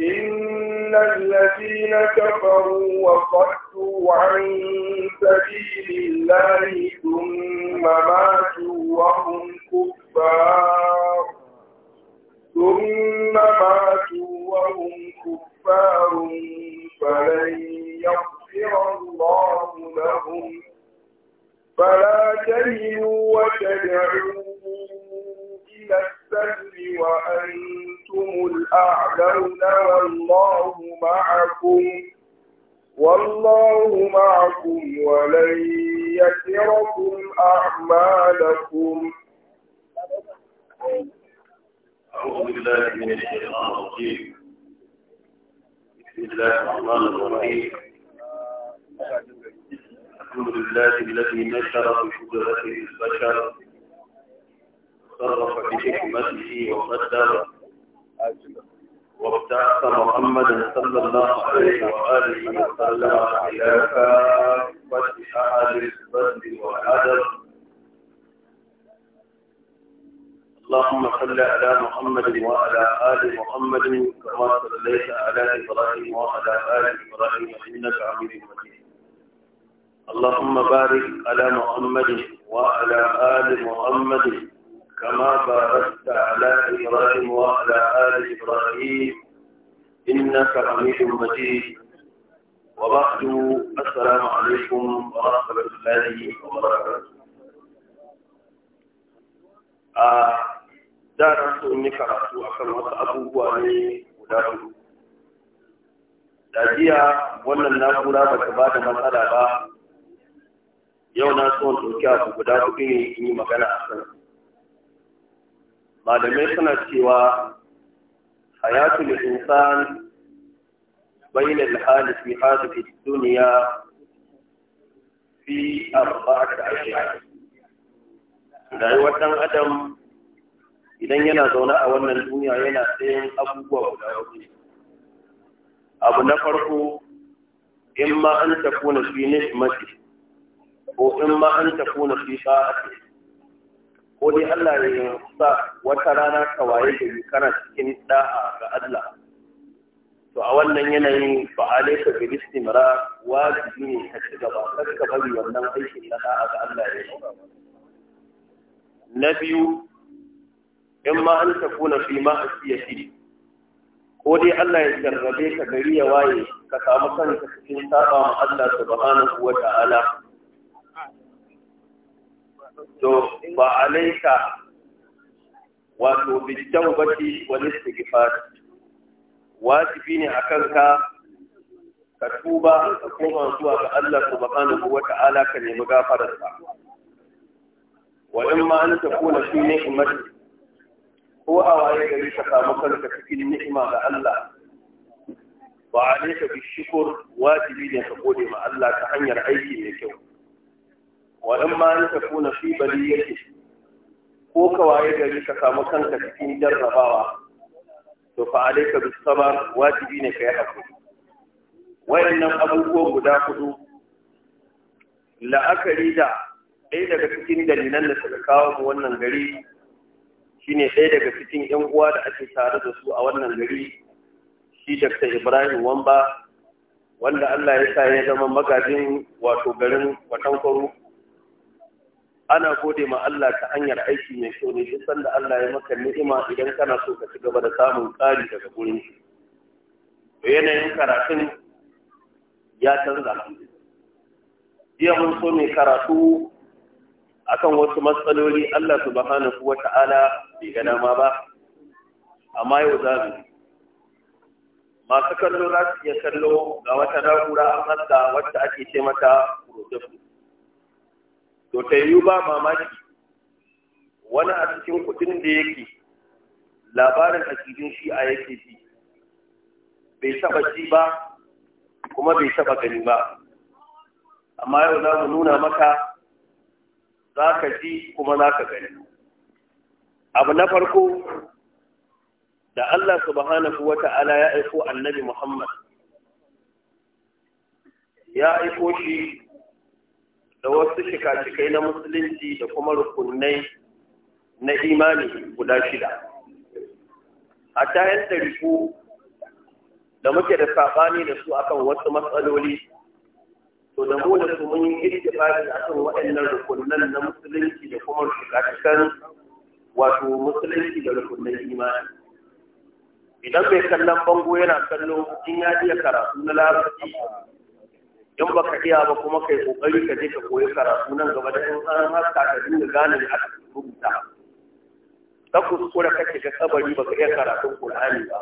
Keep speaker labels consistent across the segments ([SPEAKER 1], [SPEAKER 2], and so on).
[SPEAKER 1] إن الذين كفروا وصدوا عن سبيل الله ثم ماتوا وهم كفار ثم ماتوا وهم كفار فلن يغفر الله لهم فلا تهنوا وتدعوا إلى السلم وأنتم أنتم الأعلون والله معكم والله معكم ولن يتركم أعمالكم أعوذ بالله من الشيطان الرجيم بسم الله الرحمن الرحيم الحمد لله الذي
[SPEAKER 2] نشر بقدرته البشر صرف بحكمته
[SPEAKER 3] وقدره وابتعث محمدا صلى الله عليه وآله وسلم على
[SPEAKER 1] كافة أهل البر
[SPEAKER 2] والعدل اللهم صل على محمد وعلى آل محمد كما صليت على إبراهيم وعلى آل إبراهيم إنك حميد مجيد اللهم بارك على محمد وعلى آل محمد كما باركت على إبراهيم وعلى آل إبراهيم إنك حميد مجيد وبعد السلام عليكم ورحمة الله وبركاته آه دارس إنك رأسوا أكثر وأبوه أني وداره dajiya wannan na'ura ba ta ba da matsala ba yau na malamai suna cewa hayatul insan bayna al-hali fi hadhihi fi duniya fi da ake rayuwar dan adam idan yana zaune a wannan duniya yana tsayin abubuwa guda uku abu na farko in ma an tafuna fi nishmati ko in ma an tafuna fi sa'a ko dai Allah ya sa wata rana ka waye gari kana cikin da'a ga Allah to a wannan yanayin fa alayka bil istimra wa ne ka ci gaba kar ka bari wannan aikin na da'a ga Allah ya na biyu in ma an kuna fi ma asiyati ko dai Allah ya jarrabe ka gari ya waye ka samu kanka cikin saba Allah subhanahu wa ta'ala to ba alaika wato bitawbati wal istighfar wajibi ne akan ka ka tuba ka koma zuwa ga Allah subhanahu wata'ala ka nemi gafararsa wa in ma an shi ne ummati ko a waye gari ka samu kanka cikin ni'ima ga Allah wa alayka bi shukr wajibi ne ka gode ma Allah ta hanyar aiki mai kyau waɗan ma an tafi na fi bali yake ko ka waye gari ka samu kanka cikin jarrabawa to fa alaika bis sabar wajibi ne kai hakuri wayannan abubuwan guda hudu la'akari da ɗaya daga cikin dalilan da suka kawo mu wannan gari shine ɗaya daga cikin ƴan uwa da ake tare da su a wannan gari shi Dr. Ibrahim Wamba wanda Allah ya sa ya zama magajin wato garin Kwatankwaro ana gode ma Allah ta hanyar aiki mai kyau ne duk sanda Allah ya maka ni'ima idan kana so ka ci gaba da samun ƙari daga gurin shi to yanayin karatun ya canza jiya mun so mai karatu akan wasu matsaloli Allah subhanahu wa ta'ala bai gana ma ba amma yau za mu masu kallo za su iya kallo ga wata na'ura an hasa wacce ake ce mata projector to ta yiwu ba mamaki wani a cikin kudin da yake labarin a cikin shi a yake ji bai saba ji ba kuma bai taba gani ba amma yau za mu nuna maka za ka ji kuma za ka gani abu na farko da Allah subhanahu wa ta'ala ya aiko annabi Muhammad ya aiko shi da wasu shika na musulunci da kuma rukunai na imani guda shida a tayan tariku da muke da saɓani da su akan wasu matsaloli to da mu da su mun yi a akan waɗannan rukunan na musulunci da kuma shika wato musulunci da rukunan imani idan bai kallon bango yana kallon in ya iya karatu na larabci in baka iya ba kuma kai kokari ka je ka koyi karatu nan gaba da in an har ka dinga gane da aka rubuta ka kuskura ka ga kabari baka iya karatun Qur'ani ba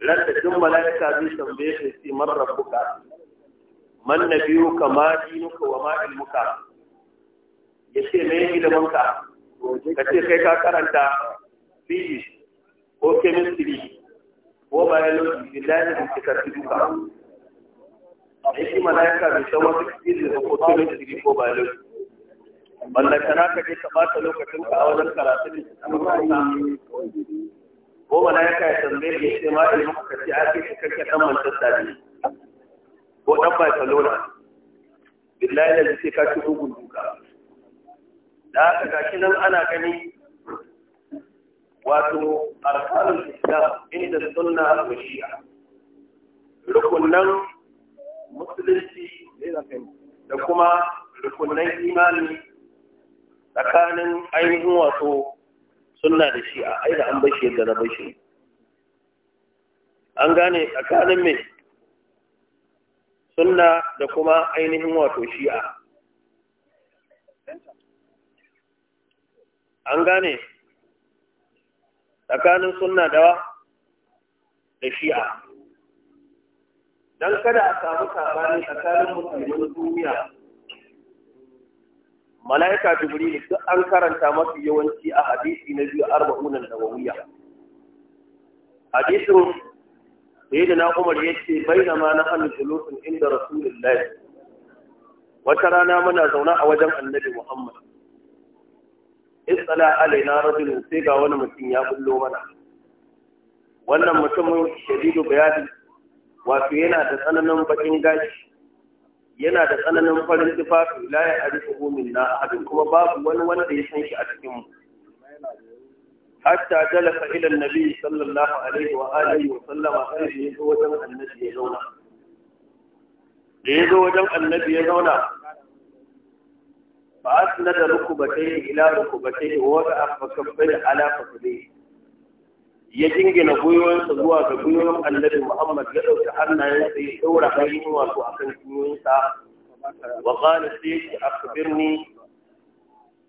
[SPEAKER 3] lan da duk malaika zai tambaye
[SPEAKER 2] ka sai man rabbuka
[SPEAKER 3] man nabiyuka
[SPEAKER 2] ma dinuka wa ma ilmuka yace me manka ka ce kai ka karanta physics ko chemistry ko biology billahi da kika duka da shi malaika bai san wasu iri da ko tori ko ba da ballanta na ka je ka bata lokacin ka a wajen karatu ne ko malaika ya tambaye ya ce ma ilmu eh, ka ce ake ah, cikakken dan mantar ne ko dan Barcelona billahi da zai ka ci bugun duka da haka gashi nan ana gani wato arkanul islam inda sunna wa shi'a rukunan musulunci da kuma rukunan imani tsakanin ainihin wato suna da shi'a a aida an bashi yadda na bashi an gane tsakanin mai suna da kuma ainihin wato shi'a an gane tsakanin sunna da shi'a don kada a samu sabani tsakanin musulmin duniya malaika jibril duk an karanta mafi yawanci a hadisi na biyu arba'un nawawiya hadisin sayyidina umar yace zama na hannu julusun inda rasulullahi wata rana muna zaune a wajen annabi muhammad isala alaina rajulun sai ga wani mutum ya bullo mana wannan mutumin shadidu bayani. wato yana da tsananin bakin gashi yana da tsananin farin tufafi la ya arifu gomin na ahadin kuma babu wani wanda ya san shi a cikin mu hatta jalasa ila annabi sallallahu alaihi wa alihi wa sallama sai ya zo wajen annabi ya zauna
[SPEAKER 3] da ya zo wajen annabi
[SPEAKER 2] ya zauna fa asnada rukubatayhi ila rukubatayhi wa wada'a fakabbai ala fakabbai ya jingina gwiwansa zuwa ga gwiwan annabi Muhammad ya ɗauki hannayensa ya ɗaura hannun wato a kan gwiwansa wa qala sayyidi akhbirni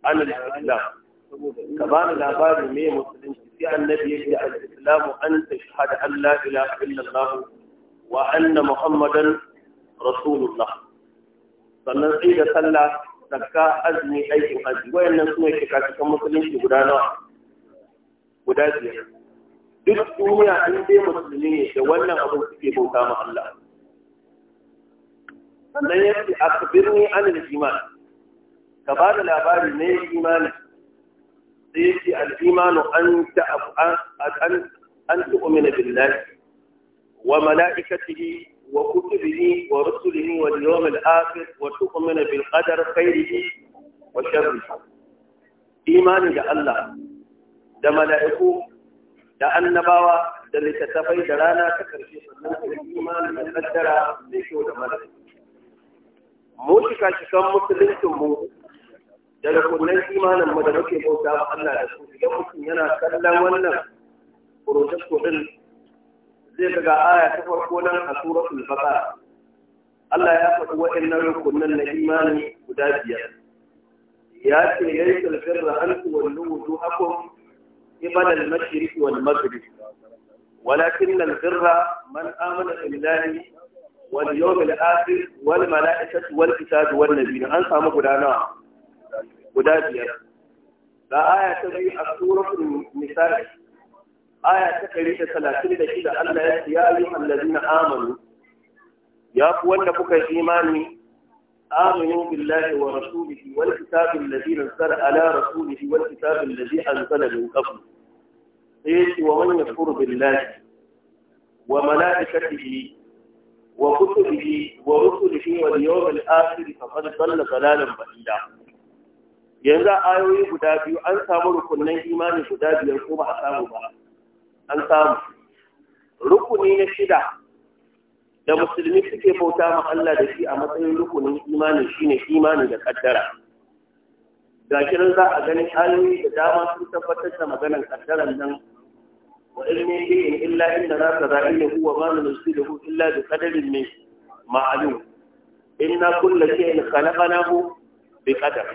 [SPEAKER 2] an al-islam ka ba ni labari me musulunci sai annabi ya ce al-islam an tashhadu an la ilaha illallah wa anna muhammadan rasulullah sannan sai da sallah zakka azumi aikin hajji wayannan suna shika cikin musulunci guda nawa guda biyar duk duniya in dai musulmi ne da wannan abu suke bauta ma Allah sannan ya ce akbirni da iman ka ba da labari ne imani sai ya ce al-imanu an an an tu'mina billahi wa mala'ikatihi wa kutubihi wa rusulihi wal yawmil akhir wa tu'mina bil qadar khairihi wa sharrihi imani da Allah da mala'iku da annabawa da littattafai da rana ta karshe sannan da imanin da kaddara da kyau da mara mu kashi kan musuluncin mu da rukunan imanin mu da muke bauta wa Allah da su idan mutum yana kallon wannan furotasko din zai daga aya ta farko nan a suratul baqara Allah ya faɗi waɗannan rukunan na imani guda biyar ya ce yayin da firra an wuzu wujuhakum قبل المشرق والمغرب ولكن البر من آمن بالله واليوم الآخر والملائكة والكتاب والنبيين أنسى مقدانا قدابيا لا آية تبي سورة النساء آية تقريبا ثلاثين دقيقة أن يا أيها الذين آمنوا يا أخوانا بك إيماني آمنوا بالله ورسوله والكتاب الذي نزل على رسوله والكتاب الذي أنزل من قبل سيأتي ومن يكفر بالله وملائكته وكتبه ورسله واليوم الاخر فقد ضل ضلالا بعيدا yanzu ayoyi guda biyu an samu rukunin imani guda biyar ko ba a samu ba an samu rukuni na shida da musulmi suke bauta ma Allah da shi a matsayin rukunin imani shine imani da kaddara
[SPEAKER 3] ga kiran za a ganin ayoyi da dama
[SPEAKER 2] sun tabbatar da maganar kaddaran nan وإلمي شيء إلا إننا كذلك هو ما ننزله إلا بقدر من معلوم إن كل شيء خلقناه بقدر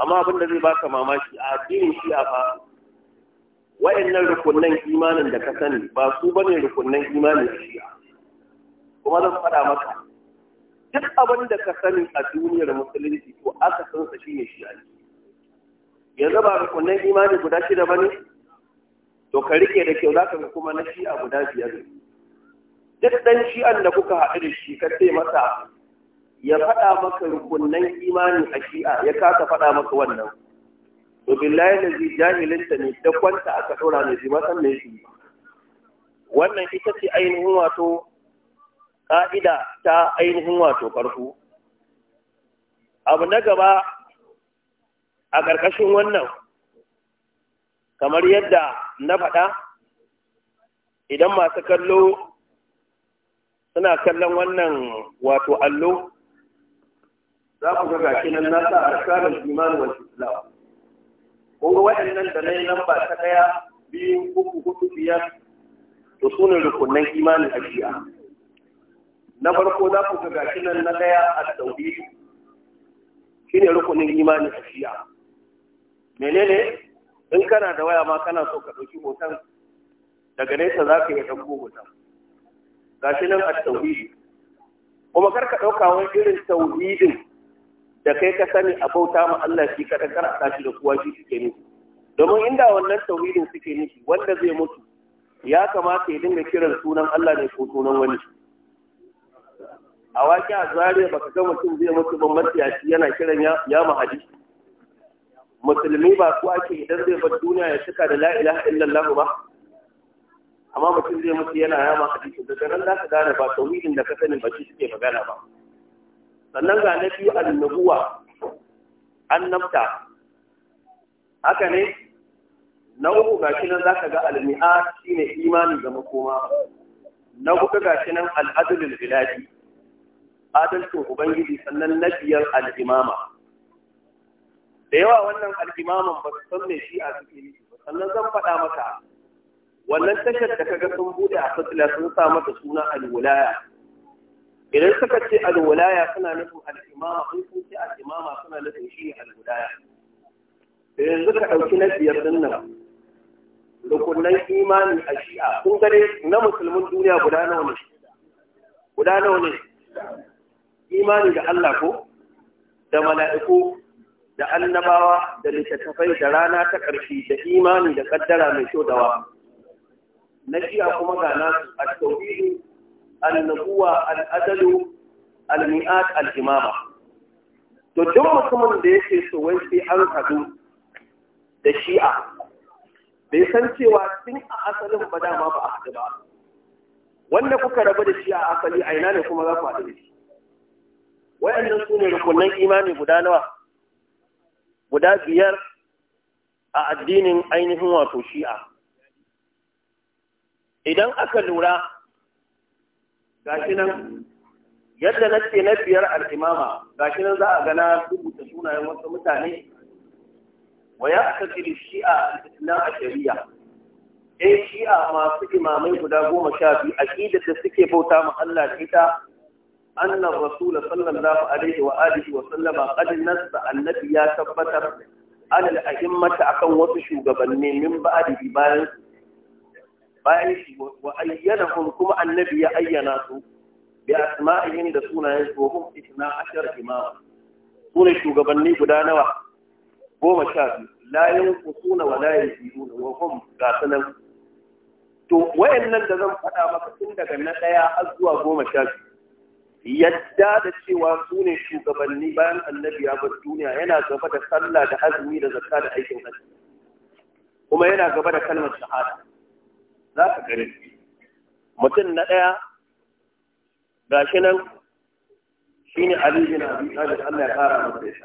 [SPEAKER 2] أما أبن الذي باك ماماشي أعطيني شيء أفا وإن ركنن إيمانا دكتني باصوبني ركنن إيمانا شيء وما ذا فدا مكا duk abin da ka sani a duniyar musulunci to aka san sa shine shi yanzu ba rukunin imani guda shida bane to ka rike da kyau zaka ga kuma na shi'a guda biyar duk dan shi'an da kuka haɗu da shi ka ce masa ya faɗa maka rukunnan imani a shi'a ya kasa faɗa maka wannan to billahi da zai jahilinta ne da kwanta aka ɗora ne zai masan ne shi wannan ita ce ainihin wato ƙa'ida ta ainihin wato ƙarfu abu na gaba a ƙarƙashin wannan kamar yadda na faɗa idan masu kallo suna kallon wannan wato allo za ku ga gashi nan na sa arkanin iman wa islam ko ga waɗannan da yi lamba ta ɗaya biyu uku hudu biyar to su ne rukunan imanin ajiya na farko za ku ga gashi nan na ɗaya a shi ne rukunin imanin ajiya menene in kana da waya ma kana so ka ɗauki hoton daga nesa za ka iya ɗauko hoton ga shi nan a tauhidi kuma kar ka ɗauka wani irin tauhidin da kai ka sani a bauta ma Allah shi kaɗan kar a tashi da kuwa shi suke nufi domin inda wannan tauhidin suke nufi wanda zai mutu ya kamata ya dinga kiran sunan Allah ne ko sunan wani a waƙi a zare baka ga mutum zai mutu ban shi yana kiran ya mahadi musulmi ba su ake idan zai bar duniya ya cika da la'ila ilaha illallah ba amma mutum zai mutu yana yama hadisi daga nan za ka gane ba tauhidin da ka sani ba shi suke magana ba sannan ga na biyu annabuwa annabta haka ne na uku ga shi nan za ka ga almi'a shi ne imani ga makoma na huɗu ga shi nan al'adulul biladi adalcin ubangiji sannan na biyar al'imama da yawa wannan al'imaman ba su san me shi a cikin sannan zan faɗa maka wannan tashar da kaga sun bude a fasila sun sa mata suna alwulaya
[SPEAKER 3] idan suka ce alwulaya
[SPEAKER 2] suna nufin al'imama in sun ce al'imama suna nufin shi alwulaya
[SPEAKER 3] yanzu ka ɗauki na biyar din
[SPEAKER 2] nan rukunan imani a shi'a kun gane na musulmin duniya guda nawa ne guda nawa ne imani da Allah ko da mala'iku da annabawa da littattafai da rana ta ƙarfi da imani da ƙaddara mai kyau dawa na shiya kuma ga nasu a tauhidu annabuwa al'adalu al-mi'at al-imama to duk mutumin da yake so wai sai an haɗu da shi'a bai san cewa tun a asalin ba dama ba a haɗu ba wanda kuka rabu da shi a asali a ina ne kuma za ku haɗu da shi wa'annan su ne rukunan imani guda nawa guda biyar a addinin ainihin wato shi'a idan aka lura shi nan yadda na ce na biyar al'imama shi nan za a gana rubuta sunayen wasu mutane wa ya aka ciri shi'a na a shari'a eh shi'a masu imamai guda goma sha biyu aƙidar da suke bauta ma Allah ita أن الرسول صلى الله عليه وآله وسلم قد نص النبي يا على الأئمة أكون وتشو قبلني من بعد بان بايش وأينهم كما النبي أيناته بأسمائهم دسونا وهم إثنا عشر إماما سونا شو قبلني بدانا وهم sha لا ينقصون ولا يزيدون وهم yaziduna تو وين gatanan to wayannan da zan faɗa maka tun daga yadda da cewa su ne shugabanni bayan annabi ya bar duniya yana gaba da sallah da azumi da zakka da aikin hajji kuma yana gaba da kalmar shahada za ka gani mutum na ɗaya shi nan shine Ali bin Abi Talib Allah ya kara masa shi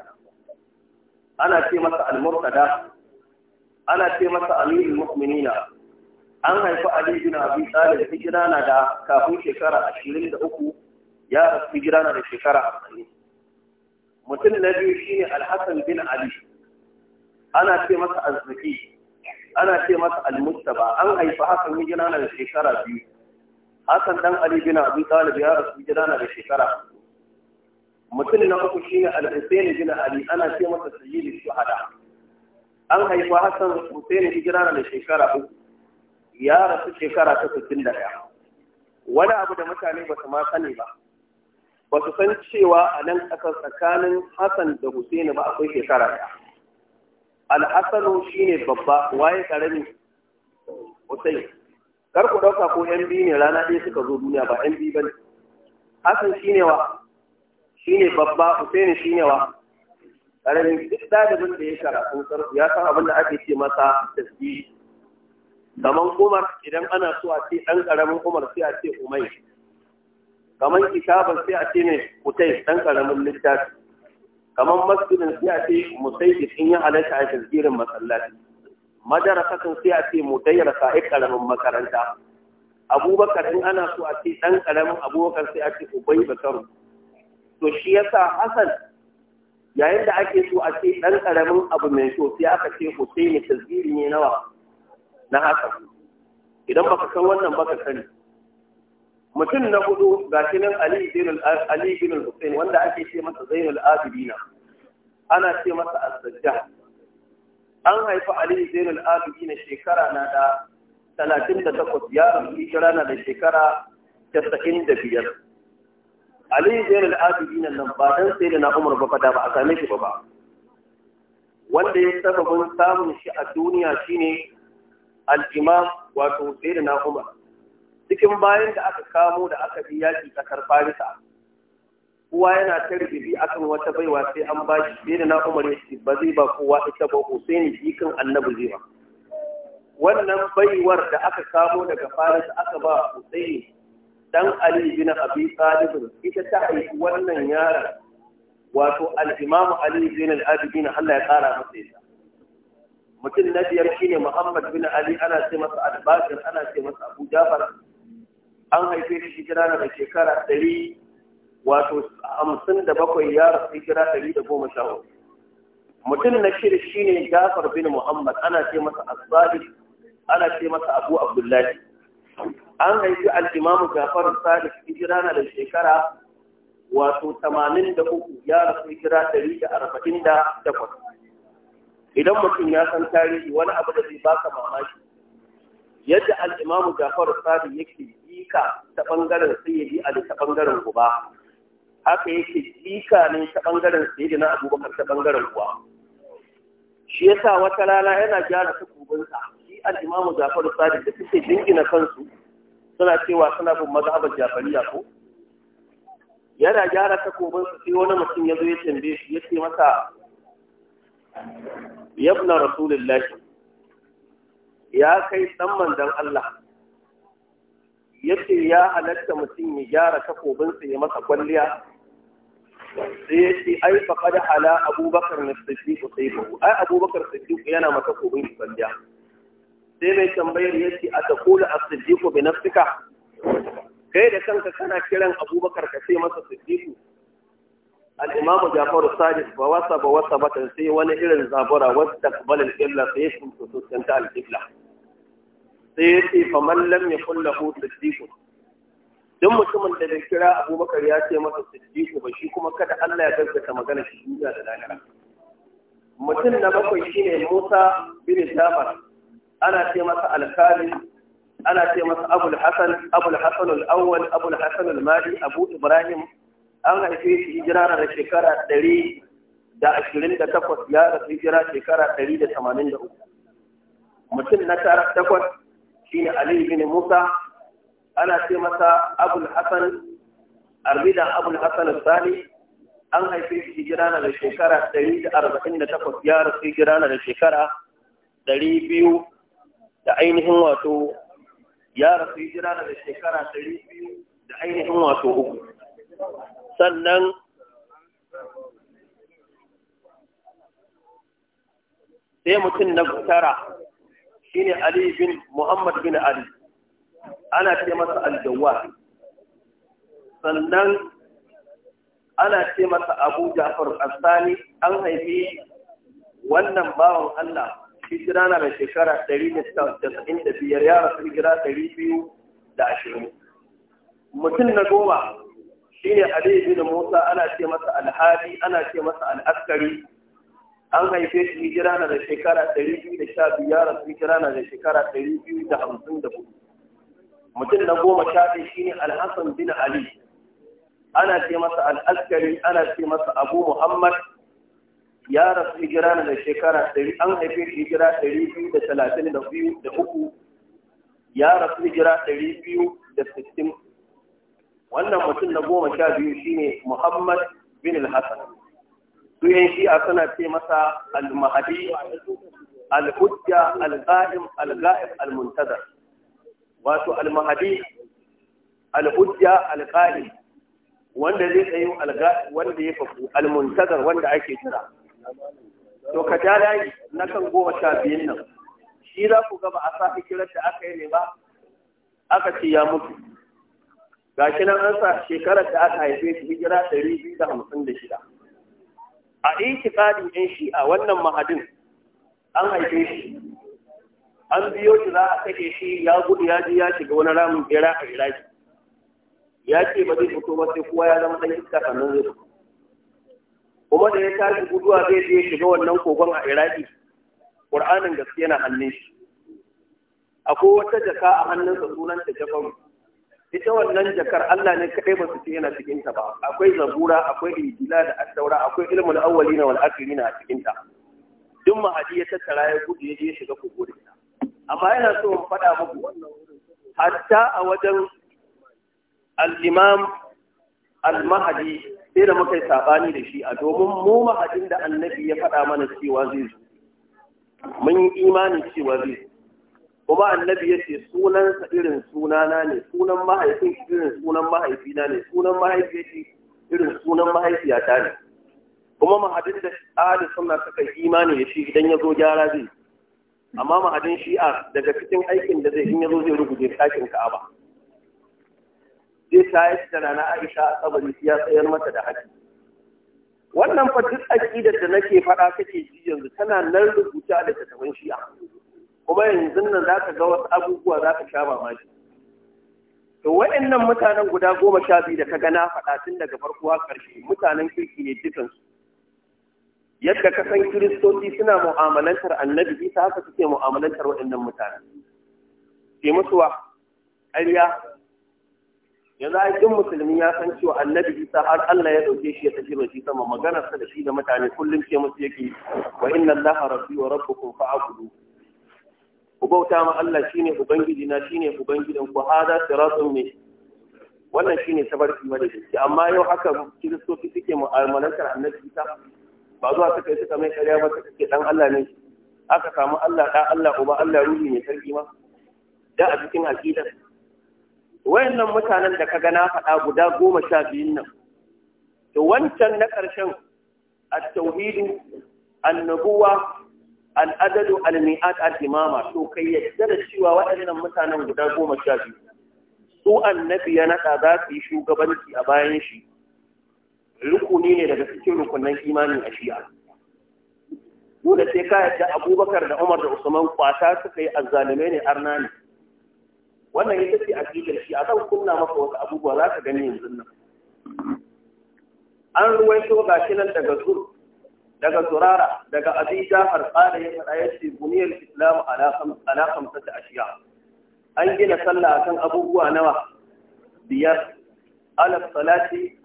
[SPEAKER 2] ana ce masa al-murtada ana ce masa amirul mu'minina an haifi Ali bin Abi Talib hijira na da kafin shekara 23 ya rasu hijira na da shekara arba'in mutum na biyu shine alhassan bin ali ana ce masa azzaki ana ce masa almustaba an haifa hasan hijira na da shekara biyu Hassan dan ali bin abi talib ya rasu hijira na da shekara mutum na uku shine al-husayn bin ali ana ce masa sayyidu shuhada an haifa hasan husayn hijira na da shekara uku ya rasu shekara ta 61 wani abu da mutane ba su ma sani ba ba su san cewa a nan ƙasar tsakanin Hassan da Husaini ba akwai shekara ɗaya. Al'asanu shi ne babba waye ƙarami hussein Kar ku ɗauka ko ‘yan biyu ne rana ɗaya suka zo duniya ba ‘yan biyu ba ne. Hassan shi ne wa, shi ne babba hussein shi ne wa. Ƙaramin duk ɗalibin da ya karatu ya san abin da ake ce masa tasbihi. Kamar Umar idan ana so a ce ɗan ƙaramin Umar sai a ce Umai. kamar kitabar sai a ce mai kutai dan karamin littafi kamar masjidin sai a ce musaidi in ya halatta a tazkirin masallaci madarasatun sai a ce mutayyara sai karamin makaranta abubakar in ana so a ce dan karamin abubakar sai a ce ubai bakaru to shi yasa hasan yayin da ake so a ce dan karamin abu mai so sai aka ce husaini tazkiri ne nawa na hasan idan baka san wannan baka sani mutum na hudu ga shi nan Ali bin Hussein wanda ake ce masa Zainul Abidina ana ce masa As-Sajjah an haifi Ali Zainul Abidina shekara na da 38 ya rasu hijira na da shekara 95 Ali Zainul Abidina nan ba dan sai da na Umar ba fada ba a same shi ba ba wanda ya sababin samun shi a duniya shine al-Imam wato sai da na Umar cikin bayan da aka kamo da aka bi yaƙi ƙasar farisa kowa yana ta rigibi akan wata baiwa sai an ba shi sai da na umar ya ba zai ba kowa ita ba husaini jikin annabi zai ba wannan baiwar da aka kamo daga farisa aka ba husaini dan ali bin abi talib ita ta haifi wannan yaron wato al-imam ali bin al-abidin Allah ya kara masa ita mutum na biyar shine muhammad bin ali ana ce masa al ana ce masa abu jafar an haife shi hijira daga da shekara ɗari wato hamsin da bakwai ya rasu hijira ɗari da goma sha hudu mutum na shi shine Jafar bin Muhammad ana ce masa Asbadi ana ce masa Abu Abdullahi an haifi al-Imam Jafar shi hijira na da shekara wato 83 ya rasu hijira takwas. idan mutum ya san tarihi wani abu da zai baka mamaki yadda al'imamu jafar sadi yake jika ta ɓangaren sayyidi ali ta ɓangaren guba haka yake jika ne ta ɓangaren sayyidi na abubakar ta ɓangaren guba shi yasa wata rana yana gyara kubinsa shi al'imamu jafar Sadi da suke jingina kansu suna cewa suna bin mazhabar jafariya ko yana gyara kubinsa sai wani mutum ya zo ya tambaye shi ya ce masa yabna rasulullahi ya kai ɗan mandan Allah yace ya halatta mutum ya gyara takobinsa ya masa kwalliya sai ya ce ai faƙad ala abubakar na Sadiku sai bahu, ai abubakar Sadiku yana masa takobin kwalliya sai mai tambayar ya ce a kula a siddiq bi nafsika kai da kanka kana kiran abubakar ka sai masa Sadiku? al-imamu jafaru sadis ba wasa ba wasa ba sai wani irin zabura wasu takbalin illa sai sun fito sun ta al-qibla sai ya ce fa mallam ya kulla ko siddiqun duk mutumin da bai kira abubakar ya ce masa siddiqu ba shi kuma kada Allah ya gaggata magana shi duniya da lahira mutum na bakwai shine Musa bin Jafar ana ce masa alkali ana ce masa Abu Hassan Abu Hassan al-Awwal Abu Hassan al-Mali Abu Ibrahim an haife shi hijira da shekara 100 da 28 ya rasu hijira shekara 183 mutum na tara takwas shine Ali ibn Musa ana ce masa Abul Hasan Arbidan Abul Hasan Sani an haife shi hijira na da shekara 148 ya rasu hijira na da shekara 200 da ainihin wato ya rasu hijira na da shekara 200 da ainihin wato uku sannan sai mutum na tara shine Ali bin Muhammad bin Ali ana ce masa aljawa. sannan ana ce masa Abu Ja'far Asani an haifi wannan bawan Allah hijira na da shekara 195 ya rasu hijira 220 mutum na goma shine Ali bin Musa ana ce masa al ana ce masa al-Askari an haife shi hijira na da shekara 215 ya rasu hijira na da shekara 254 mutum na goma sha ɗaya ne alhassan bin ali ana ce masa al'askari ana ce masa abu muhammad ya rasu hijira na da shekara 100 an haife shi hijira 233 ya rasu hijira 260 wannan mutum na goma sha biyu shine muhammad bin al-hassan su yan shi'a suna ce masa al-mahadi al-hujja al-qa'im al-ga'ib al-muntazar wato al-mahadi al-hujja al-qa'im wanda zai tsayi al-ga'ib wanda ya fafu al-muntazar wanda ake jira to ka ja layi na kan goma sha biyun nan shi za ku gaba a sa kiran da aka yi ne ba aka ce ya mutu gashi nan an sa shekarar da aka haife shi hijira ɗari biyu da hamsin da shida a itikadin ɗin shi a wannan mahadin an haife shi an biyo shi za a kake shi ya gudu ya ji ya shiga wani ramin bera a iraki ya ce ba zai fito ba sai ya zama ɗan iska sannan zai fito kuma da ya tashi guduwa zai je shiga wannan kogon a iraki ƙur'anin gaske na hannun shi akwai wata jaka a hannunsa sunanta jafaru ita wannan jakar Allah ne kadai ba su ce yana cikin ta ba akwai zabura akwai injila da addaura akwai ilmul na wal akhirin a cikin ta duk mahadi ya tattara ya gudu ya je ya shiga kokorin ta amma yana so mu faɗa muku wannan hatta a wajen al-imam al-mahdi sai da muka yi sabani da shi a domin mu mahadin da annabi ya faɗa mana cewa zai zo mun yi imani cewa zai zo kuma annabi ya ce sunansa irin sunana ne sunan mahaifin irin sunan mahaifina ne sunan mahaifiyarki irin sunan mahaifiyata ne kuma mahadin da ahli suna suka imani da shi idan ya zo gyara zai amma mahadin shi'a daga cikin aikin da zai in ya zo zai rubuce ɗakin ka'aba zai tayar da rana aisha a tsabari ya tsayar mata da haƙi wannan fa duk aƙidar da nake faɗa kake ji yanzu tana nan rubuta da tattafin shi'a kuma yanzu nan za ka ga wasu abubuwa za ka sha mamaki to waɗannan mutanen guda goma sha biyu da ka ga na faɗa tun daga farko har ƙarshe mutanen kirki ne dukansu yadda ka san kiristoci suna mu'amalantar annabi bisa haka suke mu'amalantar waɗannan mutane ke musu wa ƙarya yanzu a duk musulmi ya san cewa annabi isa har allah ya ɗauke shi ya tafi da shi sama maganarsa da shi da mutane kullum ce musu yake wa inna allaha rabbi wa rabbukum fa'budu ku bauta ma Allah shine ubangiji na shine ubangidan ku hada siratun ne wannan shine tabarki wanda shi amma yau haka kiristoci suke mu'amalantar annabi Isa ba zuwa suka yi suka mai ƙarya ba suka ce dan Allah ne aka samu Allah da Allah uba Allah ruhi ne sarki ma da a cikin aqidar wayannan mutanen da kaga na faɗa guda goma sha biyun nan to wancan na ƙarshen at-tauhidu annabuwa al'adadu al Alimama, so to kai yadda da cewa waɗannan mutanen guda goma sha biyu su annabi ya naɗa za su yi shugabanci a bayan shi rukuni ne daga cikin rukunan imani a shi'a dole sai ka yadda abubakar da umar da usman kwata suka yi azzalume ne arna ne wannan ya tafi a cikin shi a zan kunna maka wasu abubuwa za ka gani yanzu nan an ruwaito ga shi nan daga zuru daga surara daga abi jafar qala ya fada yace buniyal islam ala kham ala ashiya an gina sallah akan abubuwa nawa biyar Alaf, salati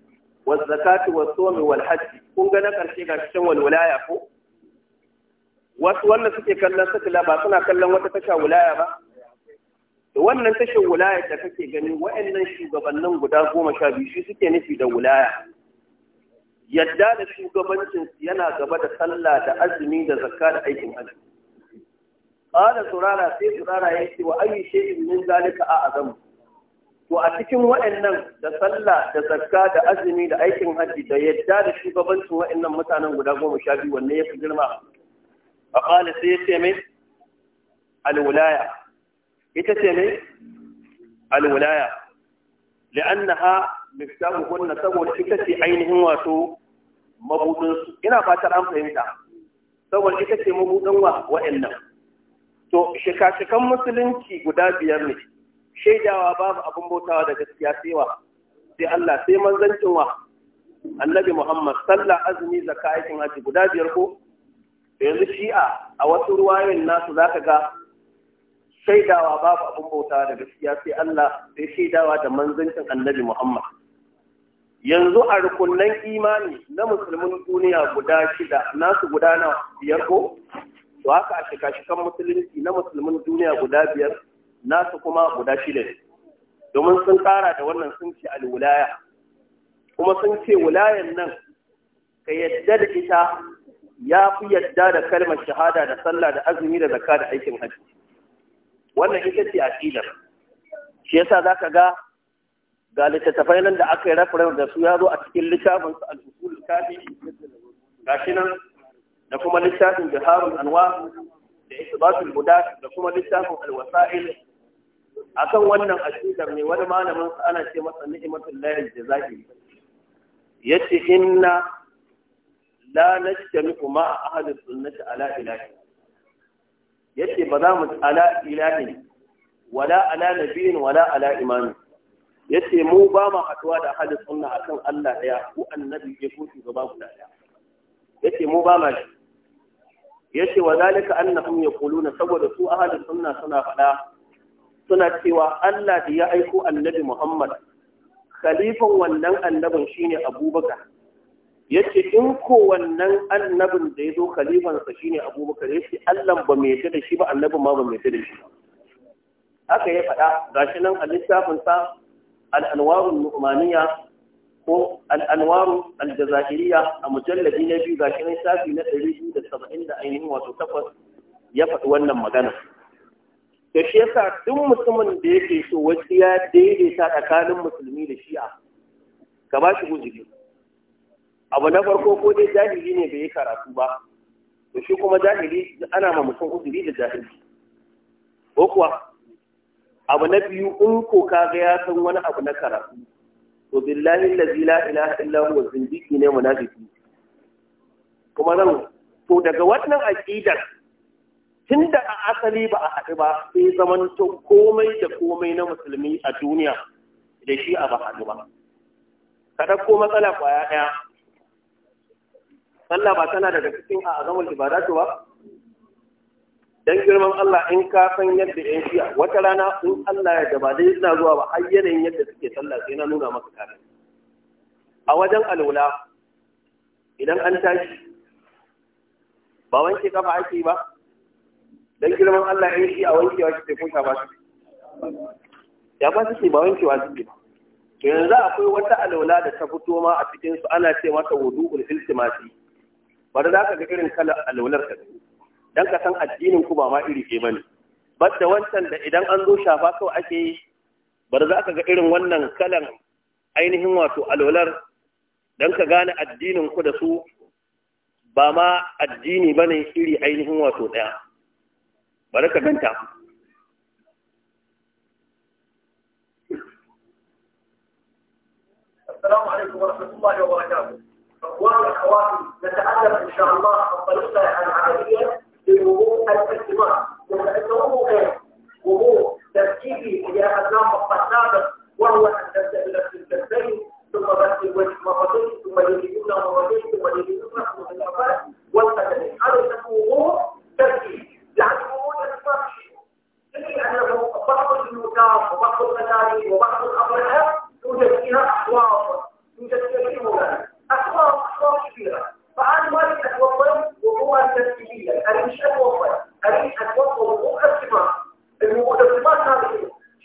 [SPEAKER 2] waz zakati was somi wal hajj kun ga na karshe ga cikin walwalaya ko wasu wannan suke kallon sakila ba suna kallon wata tasha wulaya ba da wannan tashin wulaya da kake gani wa'annan shugabannin guda goma sha biyu shi suke nufi da wulaya. yadda da shugabancin yana gaba da sallah da azumi da zakka da aikin hajji qala surara sai surara yake wa ayi shay'in min zalika a azam? to a cikin waɗannan da sallah da zakka da azumi da aikin hajji da yadda da shugabancin waɗannan mutanen guda goma sha biyu wanne ya fi girma a qala sai ya ce mai alwilaya ita ce mai alwulaya li'annaha miftahu wannan saboda ita ce ainihin wato mabudin su ina fatar an fahimta saboda ita ce mabudin wa wa'annan to shika-shikan musulunci guda biyar ne shaidawa babu abin bautawa da gaskiya sai wa sai Allah sai manzancin wa annabi Muhammad sallah azumi zakka aikin haji guda biyar ko yanzu shi'a a wasu ruwayoyin nasu zaka ga shaidawa babu abin bautawa da gaskiya sai Allah sai shaidawa da manzancin annabi Muhammad yanzu a rukunnan imani na musulmin duniya guda shida nasu guda na biyar ko to haka a shika-shikan musulunci na musulmin duniya guda biyar nasu kuma guda shida ne domin sun kara da wannan sun ce alwulaya kuma sun ce wulayan nan ka yadda da ita ya fi yadda da kalmar shahada da sallah da azumi da zakka da aikin hajji wannan ita ce aqidar shi yasa zaka ga ga littattafai nan da aka yi rafarar da su ya zo a cikin littafin su al-usul kafi shi nan da kuma littafin biharul anwa da isbatul buda da kuma littafin al-wasa'il akan wannan asidar ne wani malamin ana ce masa ni'matul lahi jazaki yace inna la najtami'u ma ahli sunnati ala ilahi yace ba za mu ala ilahi wala ala nabiyin wala ala imamin ya ce mu ba ma haɗuwa da ahalin sunna akan Allah ɗaya ko annabi ya ko shugaba guda ɗaya ya ce mu ba ma shi ya ce wa zalika annahum yaquluna saboda su ahalin sunna suna faɗa suna cewa Allah da ya aiko annabi Muhammad khalifan wannan annabin shine Abubakar yace in ko wannan annabin da ya zo khalifansa shine Abubakar yace Allah ba mai ta da shi ba annabin ma ba mai ta da shi haka ya faɗa gashi nan a littafin sa al'anwarun nu'maniya ko al'anwarun aljazairiya a mujallabi na biyu ga shirin shafi na ɗari biyu da saba'in da wato takwas ya faɗi wannan magana da shi yasa duk mutumin da yake so wasu ya daidaita tsakanin musulmi da shi'a ka ba shi hujiri abu na farko ko dai jahili ne bai yi karatu ba to shi kuma jahili ana ma mutum hujiri da jahili ko kuwa abu na biyu in ko ka ga ya san wani abu na karatu to billahi allazi la ilaha illa huwa zindiki ne munafiki kuma nan to daga wannan aqidar tunda a asali ba a haɗu ba sai zaman to komai da komai na musulmi a duniya da shi a ba haɗu ba ka ko matsala kwaya ɗaya sallah ba tana daga cikin a azamul ibadatu ba dan girman Allah in ka san yadda yan shiya wata rana in Allah ya gaba dai ina zuwa ba har yanayin yadda suke sallah sai na nuna maka kare a wajen alula idan an tashi ba wanke kafa ake ba dan girman Allah in shi a wankewa shi sai kun ba su ya ba su ba wankewa su ba to yanzu akwai wata alula da ta fito ma a cikin su ana ce mata wudu'ul iltimasi bari za ka ga irin kalar alular ka dan ka san addinin ku ba ma iri ke bane da wancan da idan an zo shafa kawai ake yi bar za ka ga irin wannan kalan ainihin wato alolar dan ka gane addinin ku da su ba ma addini bane iri ainihin wato daya Bar ka ganta
[SPEAKER 4] السلام عليكم ورحمة الله وبركاته. أخوان الأخوات نتحدث إن شاء الله الطريقة العملية لوقوع الاحتمال وكأنه غير وقوع تركيبي إذا أخذناه مقصادا وهو أن تبدأ في الكتفين ثم بس الوجه مرتين ثم يجدون مرتين ثم يجدون ثم الأفات والقدمين هذا يسمى وقوع تركيبي يعني وقوع الاحتمال يعني أنه بعض النجار وبعض المداري وبعض الأمريكا توجد فيها أحواض توجد فيها أحواض أحواض كبيرة فأنا مالك أتوضأ وضوء ترتيبيا أنا مش أتوضأ أنا أتوضأ وضوء السماء الوضوء السماء هذا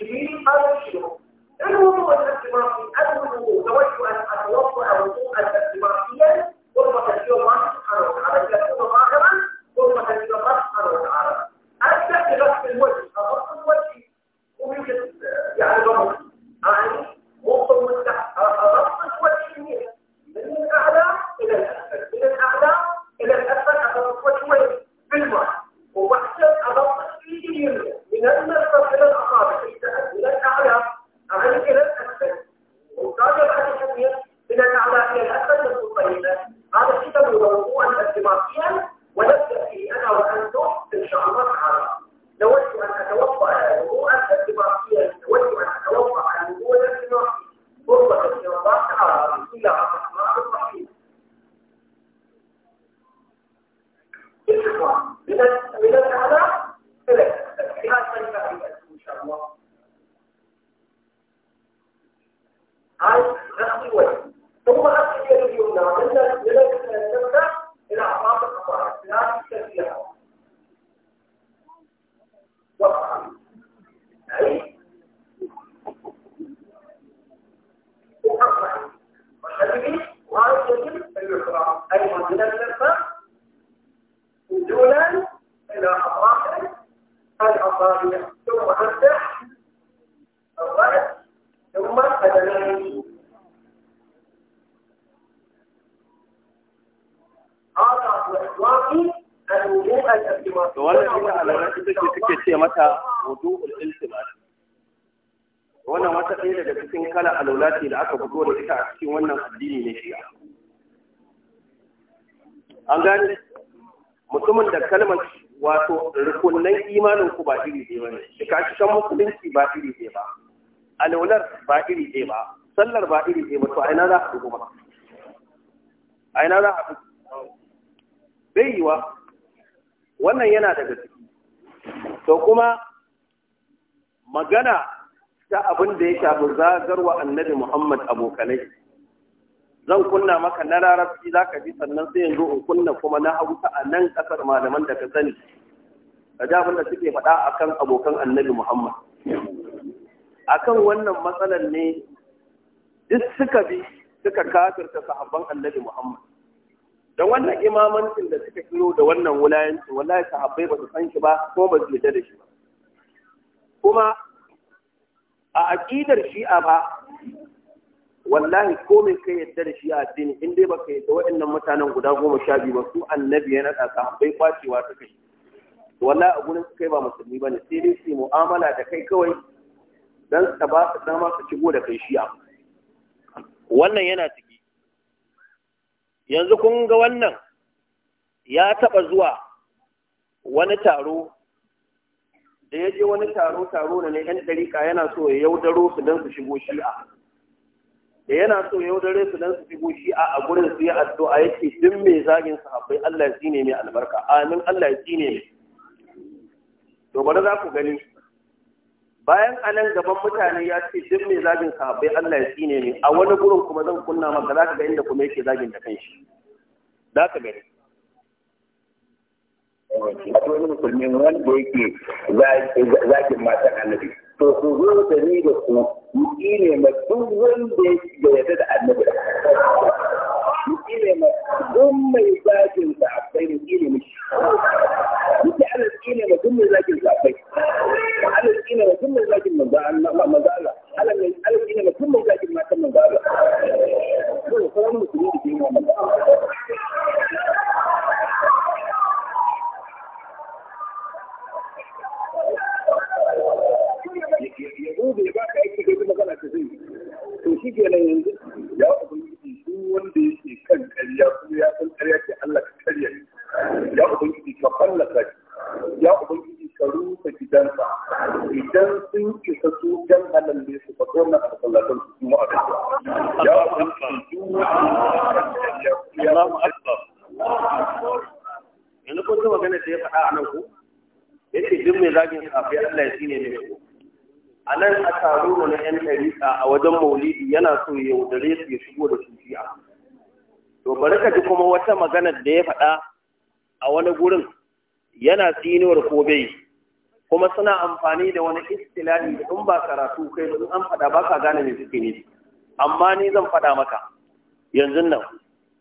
[SPEAKER 4] جميل هذا شنو الوضوء الاستمراري أول الوضوء نود أن أتوضأ وضوءا استمراريا ثم تسير الله سبحانه وتعالى يكون ظاهرا ثم تسير الله سبحانه وتعالى أبدأ بغسل الوجه أغسل وجهي ويوجد يعني ضمك يعني تحت أغسل وجهي من الأعلى إلى الأعلى إلى الأسفل أضغط وجهين بالمرة وبحسب أضغط إيدي اليمنى من المرفق إلى الأصابع إلى الأعلى أعلى إلى الأسفل وتراجع بعد التمرين إلى الأعلى إلى الأسفل نفس طيبة هذا كتاب موضوعا اجتماعيا ونبدأ فيه أنا وأنتم إن شاء الله تعالى نود أن أتوقع وضوءا اجتماعيا نود أن أتوقع الوضوء الاجتماعي فرصة إن الله تعالى بسم من من الأعمال
[SPEAKER 2] mata wudu'ul iltimas wannan wata ɗaya daga cikin kala alwala ce da aka fito da ita a cikin wannan addini ne shi an gane mutumin da kalmar wato rukunnan imanin ku ba iri ɗaya bane shikashikan musulunci ba iri ɗaya ba al'ular ba iri ɗaya ba sallar ba iri ɗaya ba to a na za a kuma ba. ina za a bai yiwa wannan yana daga ciki to kuma magana ta abin da ya shafi zagarwa annabi Muhammad abokanai zan kunna maka na larabci za ka ji sannan sai yanzu in kunna kuma na hausa a nan ƙasar malaman da ka sani ka ji abin da suke faɗa kan abokan annabi Muhammad A kan wannan matsalar ne duk suka bi suka kafirta sahabban annabi Muhammad Da wannan imamancin da suka kiro da wannan wulayancin wallahi sahabbai ba su san shi ba ko ba su yarda da shi ba kuma a aqidar shi'a ba wallahi ko mai kai yarda da shi'a addini in dai baka yarda waɗannan mutanen guda goma sha biyu ba su annabi ya naɗa sahabbai kwacewa ta kai wallahi a gurin kai ba musulmi bane sai dai su mu'amala da kai kawai dan ta ba su dama su shigo da kai shi'a wannan yana ciki yanzu kun ga wannan ya taɓa zuwa wani taro da ya je wani taro taro na yan dariƙa yana so ya yaudaro su don su shigo shi'a da yana so ya yaudare su don su shigo shi'a a gurin su yi addu'a yake duk mai zagin sahabbai Allah ya tsine mai albarka amin Allah ya tsine mai to bari za ku gani bayan a nan gaban mutane ya ce duk mai zagin sahabbai Allah ya tsine ni a wani gurin kuma zan kunna maka za ka ga inda kuma yake zagin da kanshi za ka gani a wani musulmi wanda yake zagin mata annabi to ku zo da ni da ku yi ne ma duk wanda ya yarda da annabi
[SPEAKER 4] ilimi don mai zagin sahabbai da ilimi duk da ana ilimi don mai zagin sahabbai ana ilimi don mai zagin manzo Allah ana mai ilimi don mai zagin matan manzo Allah
[SPEAKER 1] to kuma musulmi da ke yi ya gobe ba ka aiki kai magana ta zai to shi kenan yanzu ya wa duk wanda yake kan ƙarya kuma ya san ƙarya ke Allah ka karya ne ya ubangiji ka fallaka shi ya ubangiji ka rufe gidansa idan
[SPEAKER 2] sun isa su dan halal da su fa kona a sallatan su kuma a kasa ya ubangiji
[SPEAKER 1] duk wanda yake kan ƙarya kuma ya san
[SPEAKER 2] yanzu kun ji magana da ya faɗa a nan ku yace duk mai zagin safiya Allah ya tsine ne a nan a taro na yan ɗariƙa a wajen maulidi yana so ya yaudare su ya shigo da sufiya to bari ka ji kuma wata magana da ya faɗa a wani gurin yana tsinuwar ko bai kuma suna amfani da wani istilahi in ba karatu kai in an faɗa ba ka gane me suke ne amma ni zan faɗa maka yanzu nan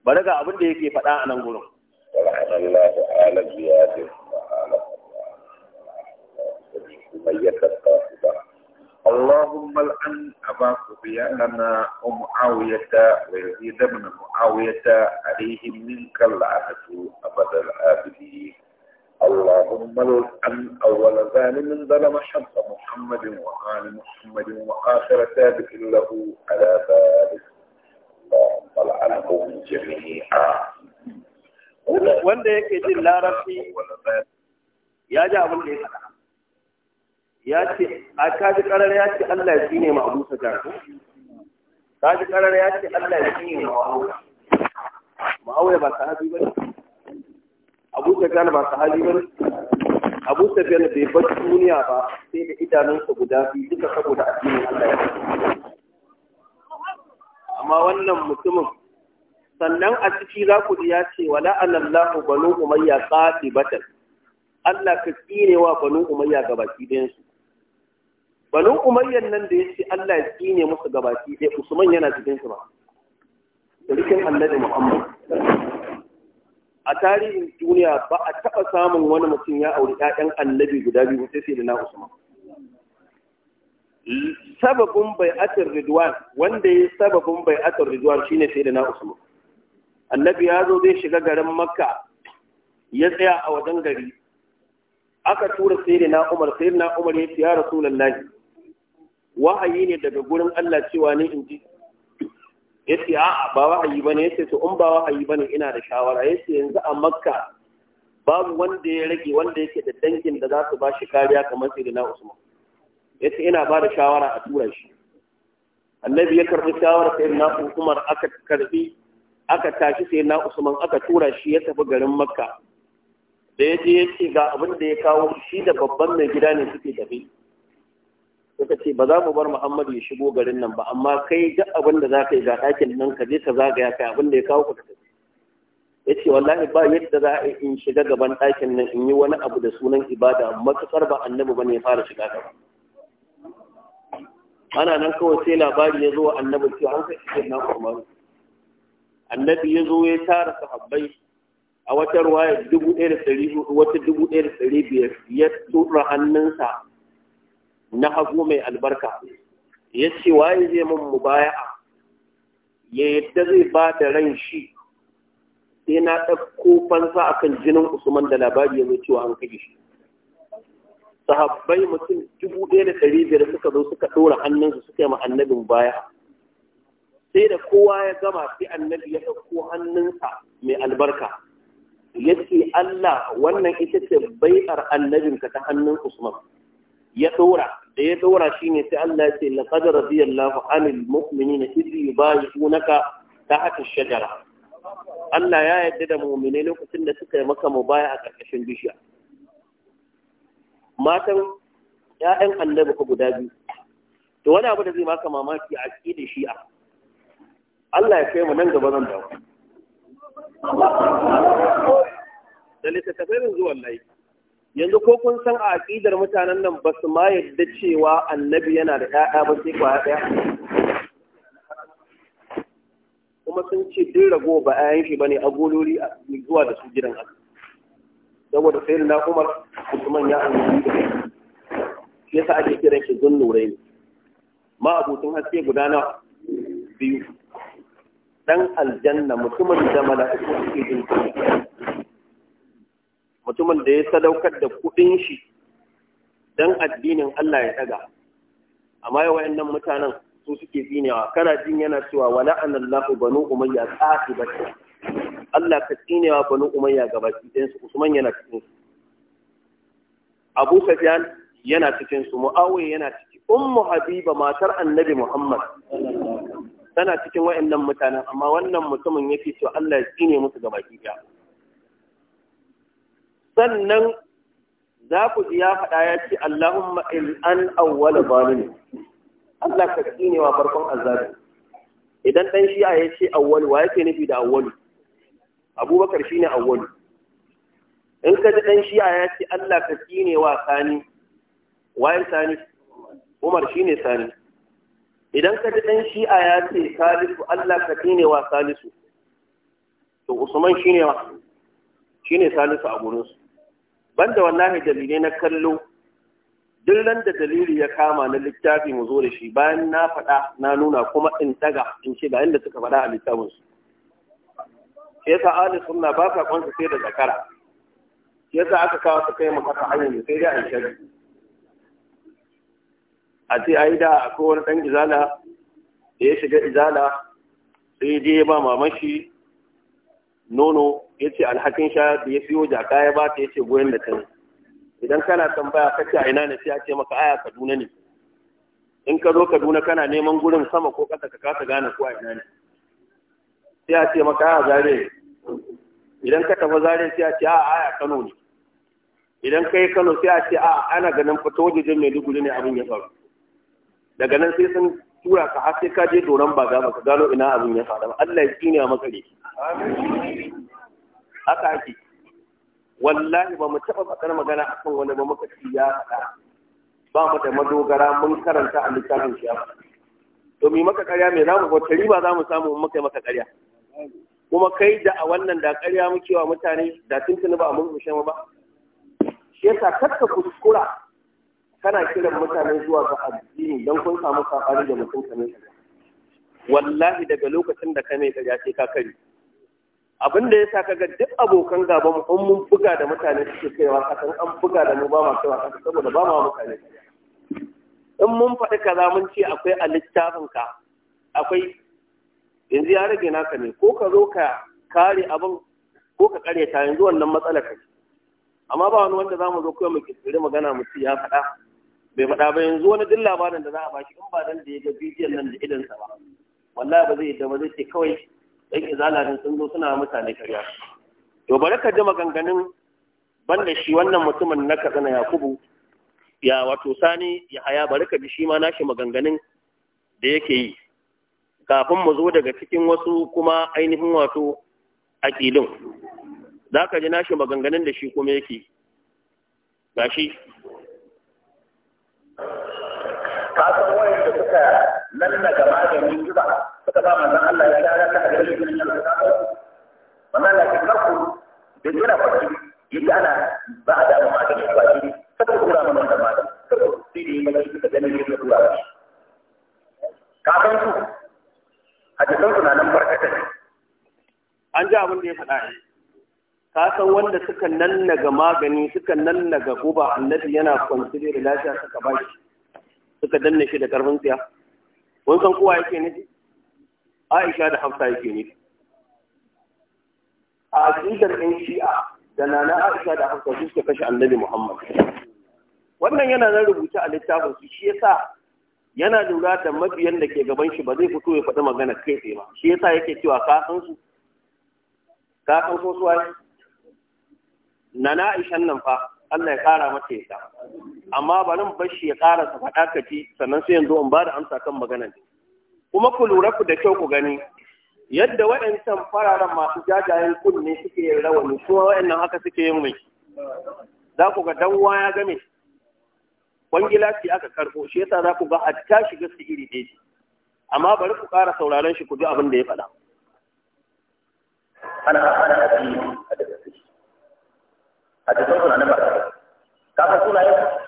[SPEAKER 2] bari ga abin da yake faɗa a nan gurin من يتقى
[SPEAKER 4] اللهم الآن أبا سفيان
[SPEAKER 1] ومعاوية
[SPEAKER 4] ويزيد بن معاوية عليهم منك اللعنة أبد الآبدين اللهم الآن أول ظالم ظلم حق محمد وآل محمد وآخر ثابت له على ذلك اللهم العنهم جميعا
[SPEAKER 2] wanda yake jin larabci ya ji abin da ya faɗa ya ce a kaji karar ya ce Allah ya ne ma abu sajar kaji karar ya ce Allah ya ne ma ma'auya ma'auya ba sahabi ba abu sajar ba sahabi ba abu sajar bai bar duniya ba sai da idanunsa guda biyu duka saboda addinin Allah ya amma wannan mutumin sannan a ciki za ku ji ya ce wala anallahu banu umayya qatibatan Allah ka tsine wa banu umayya gabaki ɗayan su banu umayyan nan da ya ce Allah ya tsine musu gabaki ɗaya usman yana cikin su ba Sarkin annabi muhammad a tarihin duniya ba a taɓa samun wani mutum ya auri ƴaƴan annabi guda biyu sai sai da na usman sababin bai'atar ridwan wanda ya sababin bai'atar ridwan shine sai da na usman annabi ya zo zai shiga garin makka ya tsaya a wajen gari aka tura sai da na umar sai na umar ya ce ya lallai. wahayi ne daga gurin Allah cewa ne in ji yace a'a ba wahayi bane yace to in ba wahayi bane ina da shawara yace yanzu a Makka babu wanda ya rage wanda yake da dangin da za su ba shi kariya kamar na Usman yace ina ba da shawara a tura shi annabi ya karbi shawarar na Umar aka karbi aka tashi sai na Usman aka tura shi ya tafi garin Makka da ya je ya ce ga abin da ya kawo shi da babban mai gida ne suke tafi suka ce ba za mu bar Muhammadu ya shigo garin nan ba amma kai ga abin da za ka yi ga ɗakin nan ka je ka zagaya kai abin da ya kawo ka ya ce wallahi ba yadda za a in shiga gaban ɗakin nan in yi wani abu da sunan ibada matukar ba annabi ba ne fara shiga gaba ana nan kawai sai labari ya zo wa annabi cewa an kai shi na umar annabi ya zo ya tara sahabbai a wata ruwaya dubu ɗaya da ɗari wata dubu ɗaya da ɗari biyar ya tura hannunsa na hagu mai albarka ya ce waye zai mun mubaya'a ya yadda zai ba da ran shi sai na ɗauko fansa kan jinin usman da labari ya cewa an kashe shi sahabbai mutum dubu ɗaya da ɗari biyar suka zo suka ɗora hannunsu suka yi ma annabin baya sai da kowa ya gama sai annabi ya ɗauko hannunsa mai albarka ya ce Allah wannan ita ce bai'ar annabinka ta hannun Usman ya ɗora da ya dora shi ne sai Allah ya ce laqad radiyallahu anil mu'minina idh yubayyi'unaka tahta ash-shajara Allah ya yarda da mu'minai lokacin da suka yi maka mubaya a karkashin bishiya matan ƴaƴan annabi ko guda biyu to wani abu da zai maka mamaki a aqidar shi'a Allah ya kai mu nan gaba zan dawo da littattafai zuwa wallahi yanzu ko kun san a aƙidar mutanen nan ba su ma yadda cewa annabi yana da ɗaya ba sai kwaya ɗaya kuma sun ce duk rago ba ne, a gololi a zuwa da su gidan Allah saboda sai na Umar Usman ya annabi da shi sa ake kiran shi zunnurai ma abokin haske guda na biyu ɗan aljanna mutumin da mala'ikun suke jin mutumin da ya sadaukar da kuɗin shi don addinin Allah ya ɗaga amma yawa nan mutanen su suke zinewa kana jin yana cewa wala anallahu banu umayya qatibatan Allah ka zinewa banu umayya gabaki ɗayan su Usman yana cikin su Abu Sufyan yana cikin su Muawiya yana ciki Ummu Habiba matar Annabi Muhammad tana cikin wayannan mutanen amma wannan mutumin yake cewa Allah ya tsine musu gabaki ɗaya sannan za ku ji ya faɗa ya ce Allahumma an awwala zalimi Allah ka tsine wa farkon azabi idan dan shi'a ya ce awwal wa yake nufi da awwal Abubakar shine awwal in ka ji dan shi'a ya ce Allah ka tsine wa sani waye sani Umar shine sani idan ka ji dan shi'a ya ce salisu Allah ka tsine wa salisu to Usman shine wa shine salisu a gurinsu banda wallahi dalilai na kallo duk ran da dalili ya kama na littafi mu zo da shi bayan na faɗa na nuna kuma in daga in ce ga inda suka faɗa a littafin su sai yasa ali sunna ba ka kwanta sai da zakara sa aka kawo su kai mu hanyar sai dai an shari a ce ai da akwai wani ɗan izala da ya shiga izala sai dai ya ba mamashi nono ya ce alhakin sha da ya siyo jaka ya ba ta ya ce goyon da ta ne idan kana tambaya ka ce a ina ne sai a ce maka aya kaduna ne in ka zo kaduna kana neman gurin sama ko ƙasa ka kasa gane ko a ina ne sai a ce maka aya zare idan ka tafi zare sai a ce a aya kano ne idan ka yi kano sai a ce a ana ganin fito wajejen maiduguri ne abin ya faru daga nan sai sun tura ka har sai ka je doron ba za ka gano ina abin ya faru Allah ya tsine a ne haka ake wallahi ba mu taɓa faɗar magana a kan wani ba muka ci ya faɗa ba mu da madogara mun karanta a littafin shi to mi maka ƙarya me za mu tari ba za mu samu mun muka maka ƙarya kuma kai da a wannan da ƙarya muke wa mutane da tuntuni ba a mun mushe ba shi yasa kakka kuskura kana kiran mutane zuwa ga addini don kun samu sabani da mutum kamar wallahi daga lokacin da ka mai ƙarya sai ka kare abin da ya sa kaga duk abokan gaba mu mun buga da mutane suke kaiwa kasan an buga da mu ba ma kaiwa kasan saboda ba ma mutane in mun faɗi kaza mun ce akwai a littafin ka akwai yanzu ya rage naka ne ko ka zo ka kare abin ko ka kare ta yanzu wannan matsalar ka amma ba wani wanda zamu zo kai mu kirkiri magana mu ci ya faɗa bai faɗa ba yanzu wani duk labarin da za a bashi in ba dan da ya ga bidiyon nan da sa ba wallahi ba zai yi da ba zai ce kawai ɗan izalarin sun zo suna mutane karya to bari ka ji maganganun banda shi wannan mutumin na katsina yakubu ya wato sani ya haya bari ka ji shi ma nashi maganganun da yake yi kafin mu zo daga cikin wasu kuma ainihin wato aƙilin za ka ji nashi maganganun da shi kuma yake gashi
[SPEAKER 4] ka san da suka lallaga maganin suka ba manzon Allah ya kira ta da shi ne Allah ta wannan la kafku da jira fadi yadda ana ba da mu ma da shi kada ku ra mana da ma da sai dai mai suka gane ne
[SPEAKER 2] da kura ka san su a cikin su na nan barkata ne an ji abin da ya faɗa ne ka san wanda suka nannaga magani suka nannaga guba annabi yana kwance da lafiya suka bashi suka danne shi da karfin tsiya kun san kowa yake nufi aisha da hafsa yake ne a aqidar ɗan shi'a da nana aisha da hafsa su suka kashe annabi muhammad wannan yana nan rubuta a littafin su shi yasa yana lura da mabiyan da ke gaban shi ba zai fito ya faɗi magana kai tsaye ba shi yasa yake cewa ka san su ka san so nana aishan nan fa Allah ya ƙara mata yasa, amma bari mu bar shi ya ƙara sa sannan sai yanzu an ba da amsa kan maganar kuma ku lura ku da kyau ku gani yadda waɗancan fararen masu jajayen kunne suke yin rawani kuma waɗannan haka suke yin mai za ku ga danwa ya game kwangila ce aka karɓo shi yasa za ku ga a tashi shiga iri ɗaya amma bari ku ƙara sauraron shi ku ji abin da ya faɗa. ana ana a daga ciki
[SPEAKER 4] a daga suna na ba ka fa suna yau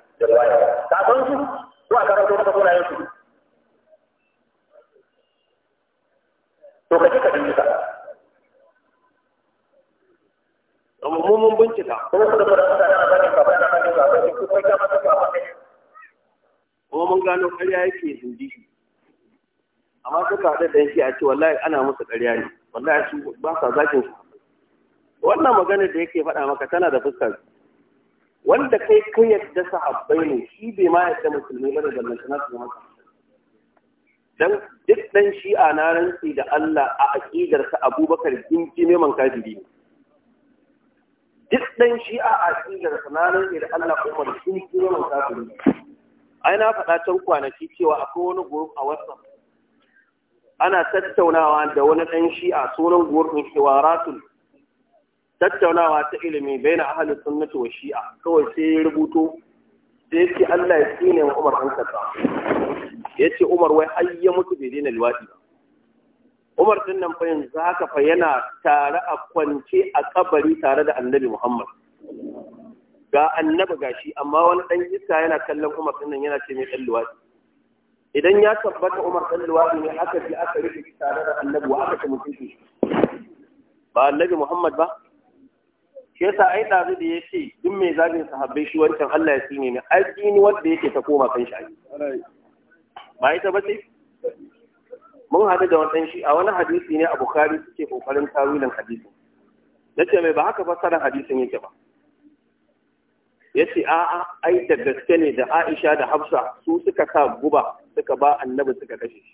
[SPEAKER 4] da riwaya ka san su ko a karanto maka sunayen su to
[SPEAKER 2] kaje ka bincika mu mun bincika kuma kuma da mutane da bakin ka bayan bakin ka bakin ku kai ka masa ka bakin kuma mun gano ƙarya yake zindi amma suka haɗa da shi a ce wallahi ana musu ƙarya ne wallahi su ba sa zakin su wannan magana da yake faɗa maka tana da fuskar wanda kai ka yadda sahabbai ne shi bai ma yadda musulmi ba da dangantana su zama dan duk dan a na rantsi da Allah a aqidar sa Abubakar ginci ne man kafiri duk dan shi a aqidar sa na da Allah Umar ginci ne man kafiri ai na faɗa can kwanaki cewa akwai wani group a WhatsApp ana tattaunawa da wani dan a sunan group ne ratul tattaunawa ta ilimi bai na ahalin sunnati wa shi'a kawai sai ya rubuto sai ce Allah ya tsine wa Umar an ya ce Umar wai har ya mutu bai daina liwaɗi ba Umar din nan fa yanzu haka fa yana tare a kwance a kabari tare da Annabi Muhammad ga Annabi gashi amma wani ɗan iska yana kallon Umar din nan yana ce mai ɗan liwaɗi idan ya tabbata Umar dan liwaɗi ne aka ji aka rufe tare da Annabi wa aka ce mutunci ba Annabi Muhammad ba shi yasa ai dazu da yace duk mai zagin sahabbai shi wancan Allah ya sine ne ai wanda yake ta koma kan shi ba ita ba ce mun hadu da wannan shi a wani hadisi ne a Bukhari suke kokarin tawilin hadisi yace mai ba haka fassarar hadisin yake ba yace a'a ai da gaske ne da Aisha da Hafsa su suka sa guba suka ba annabi suka kashe shi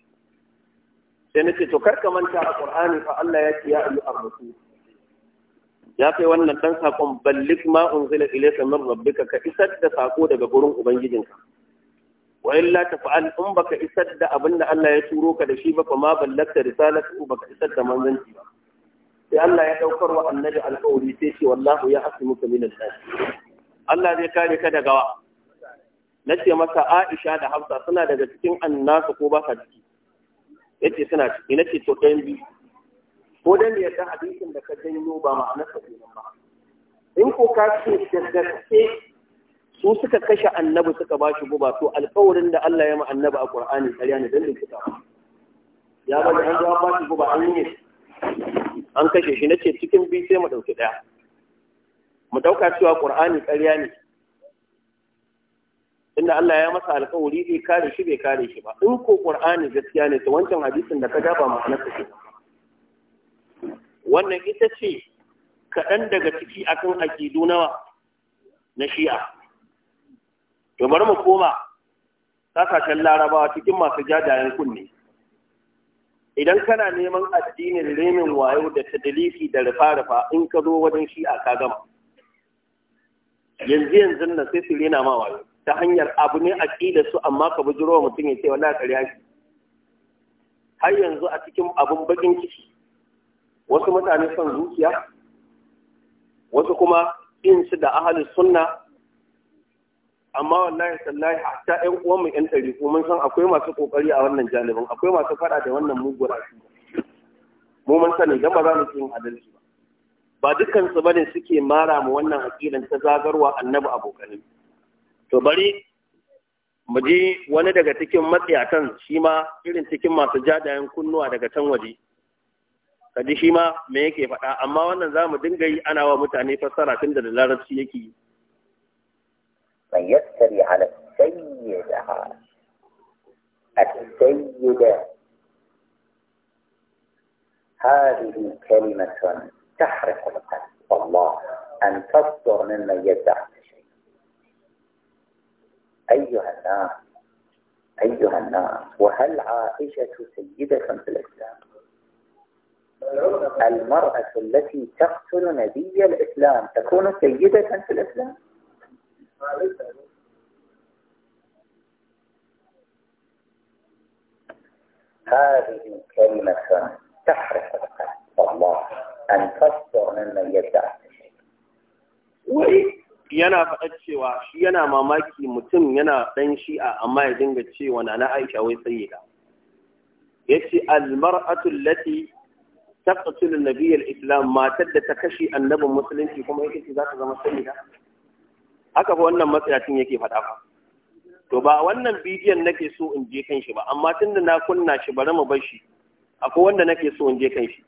[SPEAKER 2] sai nace to karka manta a Qur'ani fa Allah ya ce ya ayyuhar rasul ya kai wannan dan sakon ballik ma unzila ilayka min rabbika ka isar da sako daga gurin ubangijinka wa illa tafa'al in baka isar da abinda Allah ya turo ka da shi ba ma ballakta risalatu baka isar da manzanci ba sai Allah ya daukar wa annabi alƙawari sai ce wallahu ya asimuka min nas Allah zai kare ka daga wa nace masa Aisha da Hafsa suna daga cikin annasu ko ba sa ciki yace suna ciki nace to ɗayan biyu ko dan ya san hadisin da ka janyo ba ma'anarsa kenan ba in ko ka ce da gaske su suka kashe annabi suka ba shi guba to alƙawarin da Allah ya ma annabi a Qur'ani ƙarya ne dan suka ya ba an zuwa ba shi guba an yi an kashe shi nace cikin biyu sai mu dauki daya mu dauka cewa Qur'ani ƙarya ne inda Allah ya masa alƙawari bai kare shi bai kare shi ba in ko Qur'ani gaskiya ne to wancan hadisin da ka gaba ba ma'anar sa wannan ita ce kaɗan daga ciki akan aƙidu nawa na shi'a to bari mu koma kasashen larabawa cikin masu jajayen kunne idan kana neman addinin remin wayo da tadalisi da rufa-rufa in ka zo wajen shi'a ka gama yanzu yanzu na sai su rena ma wayo ta hanyar abu ne aƙida su amma ka bujiro mutum ya ce wani ƙarya har yanzu a cikin abun bakin ciki wasu mutane son zuciya wasu kuma in su da ahalin sunna amma wallahi sallahi hatta ƴan uwan mu ƴan ɗari mun san akwai masu kokari a wannan janibin akwai masu fada da wannan mugun mu mun sani dan ba za mu yin adalci ba ba dukkan su bane suke mara mu wannan aqidan ta zagarwa annabi abokan to bari mu ji wani daga cikin matsiyatan shi ma irin cikin masu jadayen kunnuwa daga can waje kaji shi ma me yake faɗa amma wannan za mu dinga yi ana wa mutane fassara tun da larabci yake yi
[SPEAKER 4] man yassari ala sayyida السيدة هذه كلمة تحرق القلب والله أن تصدر ممن يدعي شيء أيها الناس أيها الناس وهل عائشة سيدة في الإسلام المرأة التي تقتل نبي الإسلام تكون سيدة في الإسلام هذه كلمة
[SPEAKER 2] تحرق القلب والله أن تصدر ممن يدعي شيء yana faɗa cewa shi yana mamaki mutum yana ɗan shi'a amma ya dinga cewa na na aisha wai sayyida yace almar'atu allati تقتل النبي islam matar da ta kashe annabin musulunci kuma yake ce za ta zama haka fa wannan matsayacin yake faɗa fa to ba wannan bidiyon nake so in je kan shi ba amma tunda na kunna shi bari mu bar shi akwai wanda nake so in je kan shi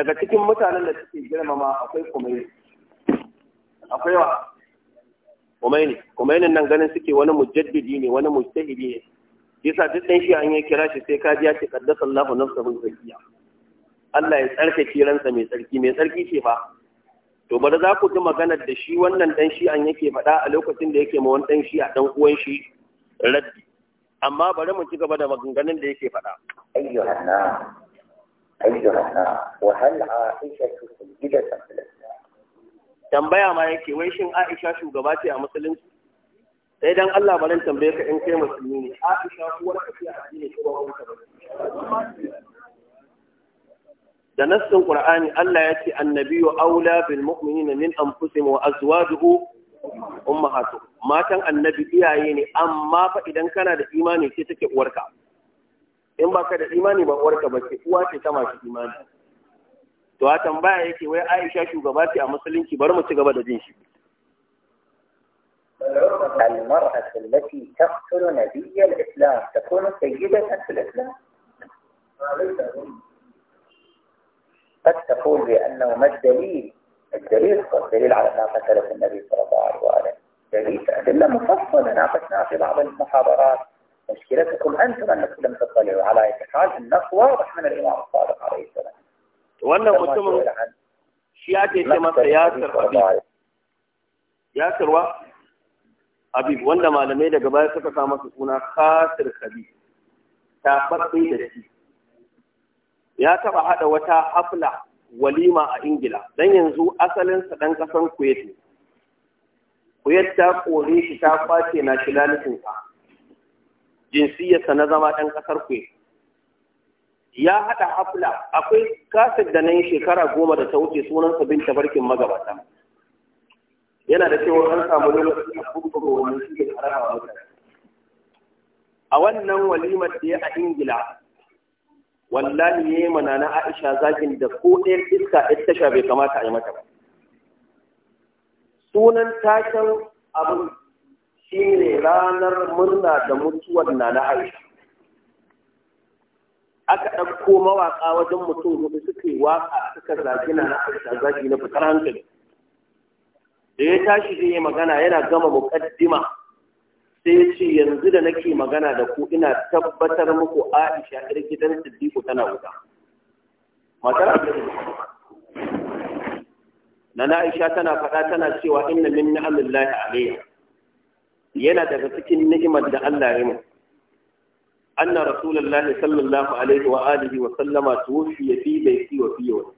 [SPEAKER 2] daga cikin mutanen da suke girmama akwai kumai akwai wa Kumai ne, kumai ne nan ganin suke wani mujaddidi ne wani mujtahidi ne yasa duk dan shi an yi kira shi sai kaji ya ce qaddasallahu Allahu nafsahu zakiya Allah ya tsarkake ransa mai tsarki mai tsarki ce ba to bari za ku ji maganar da shi wannan dan shi an yake faɗa a lokacin da yake ma wani dan shi a dan uwan shi raddi amma bari mu ci gaba da maganganun da yake faɗa ayyuhan na ayyuhan na wa hal aisha sayyidatan fil islam tambaya ma yake wai shin aisha shugaba ce a musulunci sai dan Allah barin tambaye ka in kai musulmi ne
[SPEAKER 4] aisha kuwar ka ce a addini ko ba wani
[SPEAKER 2] da nassin qur'ani Allah ya ce annabiyyu aula bil mu'minina min anfusihim wa azwajuhu ummahatu matan annabi iyaye ne amma fa idan kana da imani ce take uwarka in baka da imani ba uwarka ba ce uwa ce ta masu imani to a tambaya yake wai Aisha shugaba ce a musulunci bari mu ci gaba da jin shi
[SPEAKER 4] المرأة التي تقتل نبي الإسلام تكون سيدة في الإسلام؟ قد تقول بأنه ما الدليل الدليل الدليل على ما قتلت النبي صلى الله عليه وآله دليل أدلة مفصلة ناقشناها في بعض المحاضرات مشكلتكم أنتم أنكم لم تطلعوا على حال النص واضح من الإمام
[SPEAKER 2] الصادق عليه السلام
[SPEAKER 4] وأنه قلتم
[SPEAKER 2] shi ya
[SPEAKER 3] ياسر ياسر
[SPEAKER 2] ياسر yasir habib yasirwa habib wanda malamai daga baya suka خاسر masa ya taɓa haɗa wata hafla walima a ingila dan yanzu asalinsa ɗan kasan kuwait ne kuwait ta kore shi ta kwace nationalitinsa jinsiyarsa na zama ɗan kasar kuwait ya haɗa hafla akwai kasar da nan shekara goma da ta wuce sunansa Binta barkin magabata yana da cewa an samu lokaci a kukkuro wannan shi ne a wannan walimar da ya a ingila wallahi ne mana na aisha zagin da ko da iska ɗaya tasha bai kamata a yi mata ba sunan taken abin shi ranar murna da mutuwar na na aisha aka ɗauko mawaƙa wajen mutum hudu suka yi waƙa suka zagi na aisha zagi na fitar hankali da ya tashi zai yi magana yana gama muƙaddima sai ya ce yanzu da nake magana da ku ina tabbatar muku Aisha ƴar gidan Siddiqu tana wuta matar na Aisha tana faɗa tana cewa inna min ni'amillahi alayya yana daga cikin ni'imar da Allah ya mu anna rasulullahi sallallahu alaihi wa alihi wa sallama ya fi fi wa fi yawmi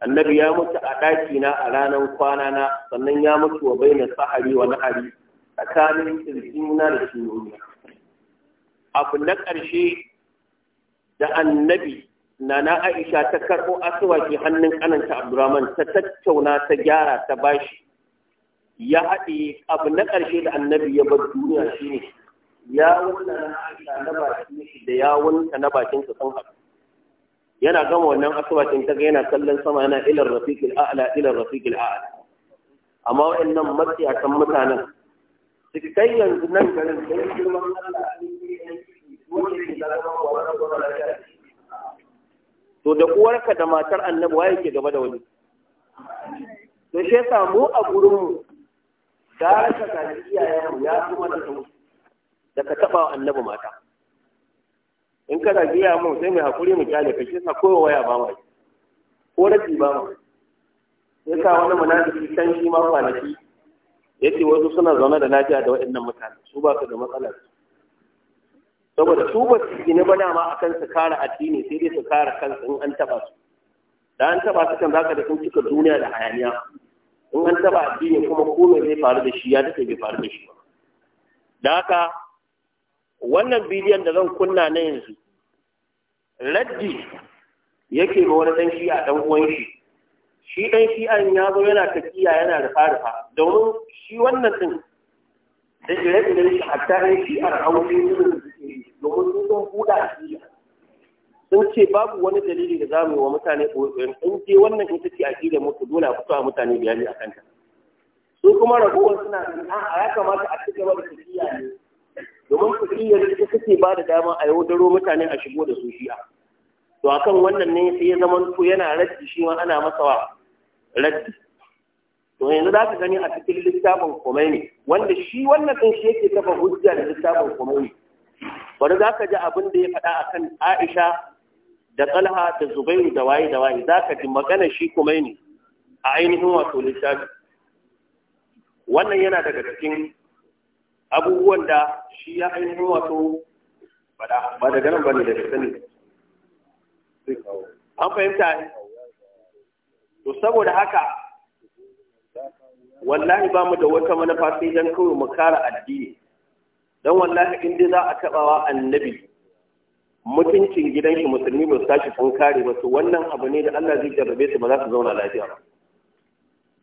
[SPEAKER 2] annabi ya mutu a ɗakina a ranar kwana na sannan ya mutu wa baina sahari wa na'ari tsakanin kirjina da sunoni abu na ƙarshe da annabi na aisha ta karɓo asuwaki hannun ƙananta abdurrahman ta tattauna ta gyara ta bashi ya haɗe abu na ƙarshe da annabi ya bar duniya shine yawun na aisha na bakin shi da yawun na bakin sa sun haɗu yana gama wannan asuwacin ta yana kallon sama yana ilar rafiƙil a'la ilar rafiƙil a'la amma waɗannan matsiyatan mutanen daga kai yanzu nan garin sai
[SPEAKER 4] girman Allah wanda da
[SPEAKER 2] to da uwarka da matar annabi waye ke gaba da wani to shi yasa mu a gurin mu da ka ga iyayen ya kuma da su da ka taba annabi mata in ka ga iya mu sai mai hakuri mu kyale ka shi yasa waya ba mai ko rabi ba Sai yasa wani munafiki can shi ma kwanaki yace wasu suna zaune da lafiya da waɗannan mutane su ba su da matsalar saboda su ba su gini ba dama akan su kare addini sai dai su kare kansu in an taba su da an taba su kan zaka da sun cika duniya da hayaniya in an taba addini kuma komai zai faru da shi ya take bai faru da shi ba da haka wannan bidiyon da zan kunna na yanzu raddi yake ma wani dan shi a dan uwan shi shi ɗan an ya zo yana tafiya yana da farfa domin shi wannan ɗin
[SPEAKER 3] da ire-iren shi hatta ɗan
[SPEAKER 2] shi'ar haushi domin sun sun buɗa a sun ce babu wani dalili da zamu yi wa mutane ɓoyon in je wannan ita ce a ƙila mutu dole a fito a mutane bayani a kanta su kuma ragowar suna a ya kamata a ci gaba da tafiya ne domin tafiya ita take ba da dama a daro mutane a shigo da su shi'a to akan wannan ne sai ya zama to yana rage shi ma ana masa wa raddi to yanzu za ka gani a cikin littafin Khomeini wanda shi wannan ɗin shi yake kafa hujja da littafin Khomeini bari za ka ji abin da ya faɗa a kan Aisha da Talha da Zubairu da waye da waye za ka ji magana shi Khomeini a ainihin wato littafi wannan yana daga cikin abubuwan da shi ya ainihin wato ba da ganin ba ne da sani an fahimta to saboda haka wallahi ba mu da wata manufa sai dan kawai mu kara addini dan wallahi in dai za a tabawa annabi mutuncin gidan shi musulmi ba su tashi sun kare ba to wannan abu ne da Allah zai jarrabe su ba za su zauna lafiya ba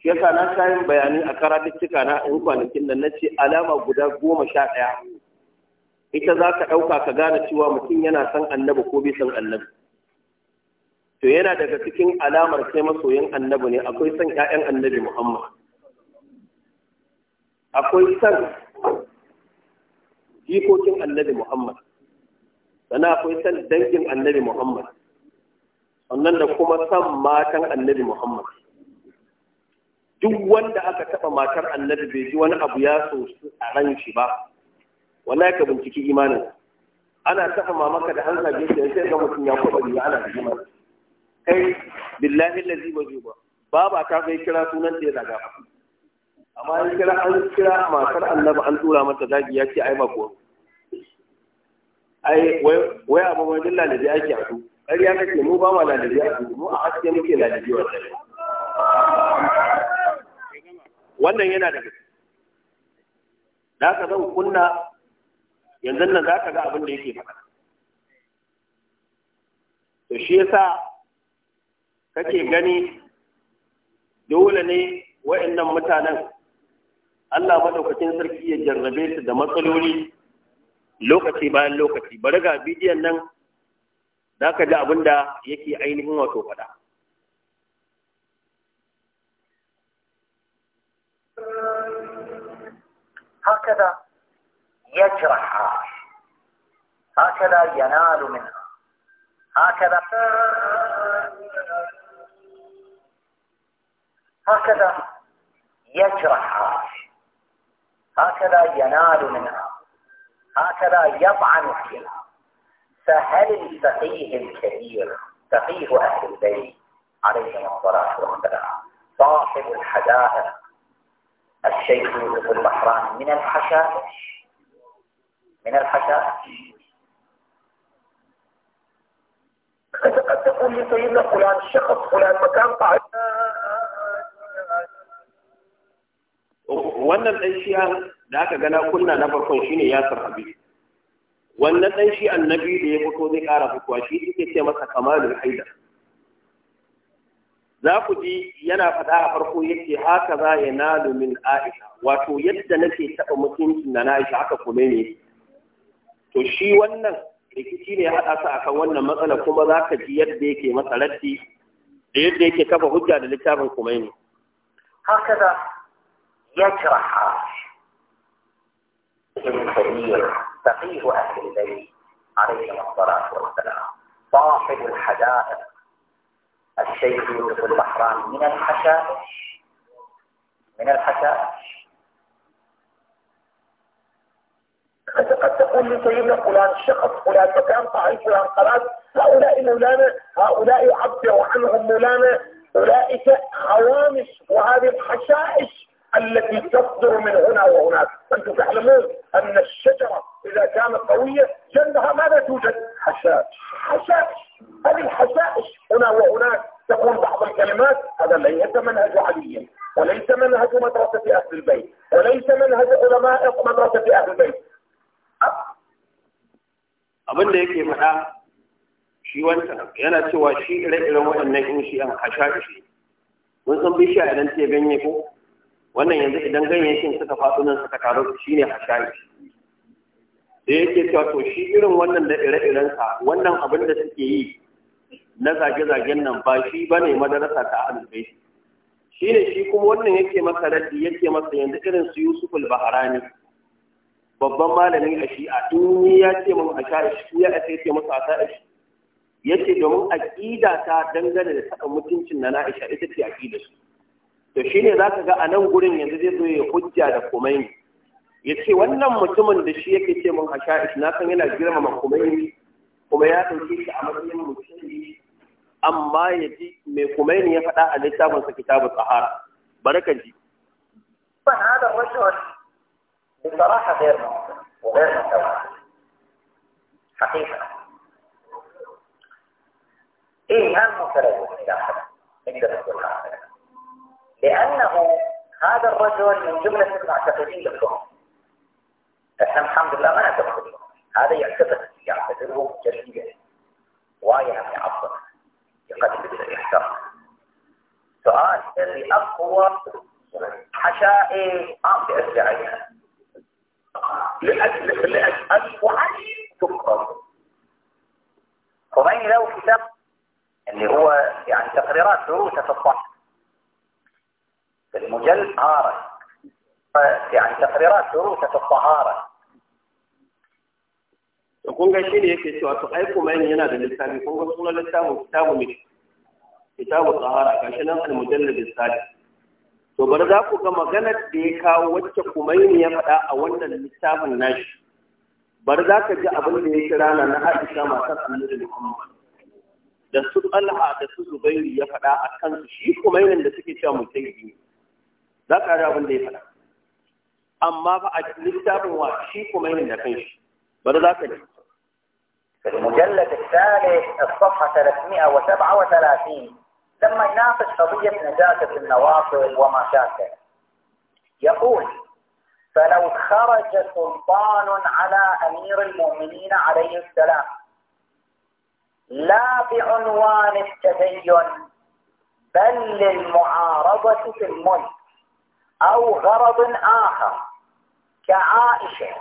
[SPEAKER 2] shi yasa na kayan bayani a karatuttuka na in kwanakin nan na ce alama guda goma sha ɗaya ita za ka ɗauka ka gane cewa mutum yana son annabi ko bai son annabi to yana daga cikin alamar kai masoyin annabi ne akwai son ƴaƴan annabi Muhammad akwai son jikokin annabi Muhammad sannan akwai son dangin annabi Muhammad sannan da kuma son matan annabi Muhammad duk wanda aka taɓa matar annabi bai ji wani abu ya so a ran shi ba wallahi ka binciki imanin ana taɓa mamaka da hankali sai ga mutum ya kwaɓa ana da imanin kai billahi lazi ba ba baba ta kai kira sunan da ya zaga amma an kira an kira matar annabi an tura mata zagi ya ce ai ba ko ai wai abu mai dilla da ya ake atu ƙarya kake mu ba ma lalabi a mu a haske muke lalabi wannan wannan yana da gaske da ka zan kunna yanzu nan za ka ga abin da yake faɗa to shi yasa kake gani dole ne wa'annan mutanen Allah maɗaukacin sarki ya jarrabe su da matsaloli lokaci bayan lokaci bari ga bidiyon nan da ka ji abin da yake ainihin wato faɗa.
[SPEAKER 1] هكذا
[SPEAKER 4] يجرحها هكذا ينال منها هكذا هكذا يجرح عائشة هكذا ينال منها هكذا يطعن فيها فهل الفقيه الكبير فقيه أهل البيت عليهم الصلاة والسلام صاحب الحدائق الشيخ يوسف البحراني من الحشائش من الحشائش قد تقول لي سيدنا طيب، فلان شخص فلان مكان قاعد
[SPEAKER 2] wannan ɗan shi'a da aka gana kunna na farkon shine yasir biyu, wannan ɗan shi annabi da ya fito zai ƙara fitowa shi suke ce masa kamalul haida za ku ji yana faɗa a farko yace haka za ya nalu min aisha wato yadda nake taɓa mutuncin da na aisha haka kuma ne to shi wannan rikici ne ya haɗa su akan wannan matsala kuma za ka ji yadda yake masa raddi da yadda yake kafa hujja da littafin kuma ne haka da يجرح
[SPEAKER 4] ابن كثير فقيه أهل البيت عليه الصلاة والسلام صاحب الحدائق الشيخ يوسف البحراني من الحشائش من الحشائش قد تقول لي سيدنا فلان شخص فلان مكان صحيح فلان قرات هؤلاء مولانا هؤلاء يعبر عنهم مولانا أولئك هوامش وهذه الحشائش التي تصدر من هنا وهناك أنتم تعلمون أن الشجرة إذا كانت قوية جنبها ماذا توجد حشائش حشائش هذه الحشائش هنا وهناك تقول بعض الكلمات هذا ليس منهج علي وليس منهج مدرسة أهل البيت وليس منهج علماء مدرسة أهل البيت
[SPEAKER 2] abin da يا faɗa shi wancan yana cewa shi ire-iren waɗannan in shi an hasha shi mun san bishiya idan ce ganye ko wannan yanzu idan ganyayyakin suka faɗo nan suka taru shi ne hashayi da yake cewa to shi irin wannan da ire-irensa wannan abin da suke yi na zage-zagen nan ba shi ba ne madarasa ta alubai shi shi ne shi kuma wannan yake masa raddi yake masa yanzu irin su yusuful baharani babban malamin a shi'a in ni ya ce min a sha'i shi ya ce ce masa a sha'i yake domin aqida ta dangane da saka mutuncin na na'isha ita ce aqida su to za ka ga a nan gurin yanzu zai zo ya hujja da Ya ce wannan mutumin da shi yake ce mun Sha'is na san yana girmama Khomeini kuma ya dauke shi a matsayin
[SPEAKER 3] musulmi
[SPEAKER 2] amma ya ji me ne ya faɗa a littafin sa kitabu Sahara barakan ji
[SPEAKER 4] bayar da بصراحة غير مؤمن وغير متوازن حقيقة إيه هم متلوث إلى حد نقدر نقول هذا لأنه هذا الرجل من جملة المعتقدين بالكفر احنا الحمد لله ما نعتقد هذا يعتقد يعتقده جريئا ويعني عصر يقدم الاحترام. سؤال اللي أقوى حشائم أم بأشجعها يعني. لأجل لأجل وعلي تفرض خميني له كتاب اللي هو يعني تقريرات دروسه في الصحف المجل عارة يعني تقريرات دروسة الطهارة
[SPEAKER 3] يقول ga shi ne yake cewa to ai kuma yin yana da littafi
[SPEAKER 2] kun ga sunan littafin kitabu ne kitabu nan to bari za ku ga maganar da ya kawo wacce kuma yin ya faɗa a wannan littafin nashi bari za ka ji abin da ya kira na na Aisha matar da Muhammad da su Talha da su Zubairu ya faɗa a kansu shi kuma yin da suke cewa ne. za ka abin da ya faɗa amma ba a littafin wa shi kuma yin da kan shi bari za ji
[SPEAKER 4] المجلد الثالث الصفحة 337 لما يناقش قضية نجاسة النواصب وما شابه يقول فلو خرج سلطان على أمير المؤمنين عليه السلام لا بعنوان التدين بل للمعارضة في الملك أو غرض آخر كعائشة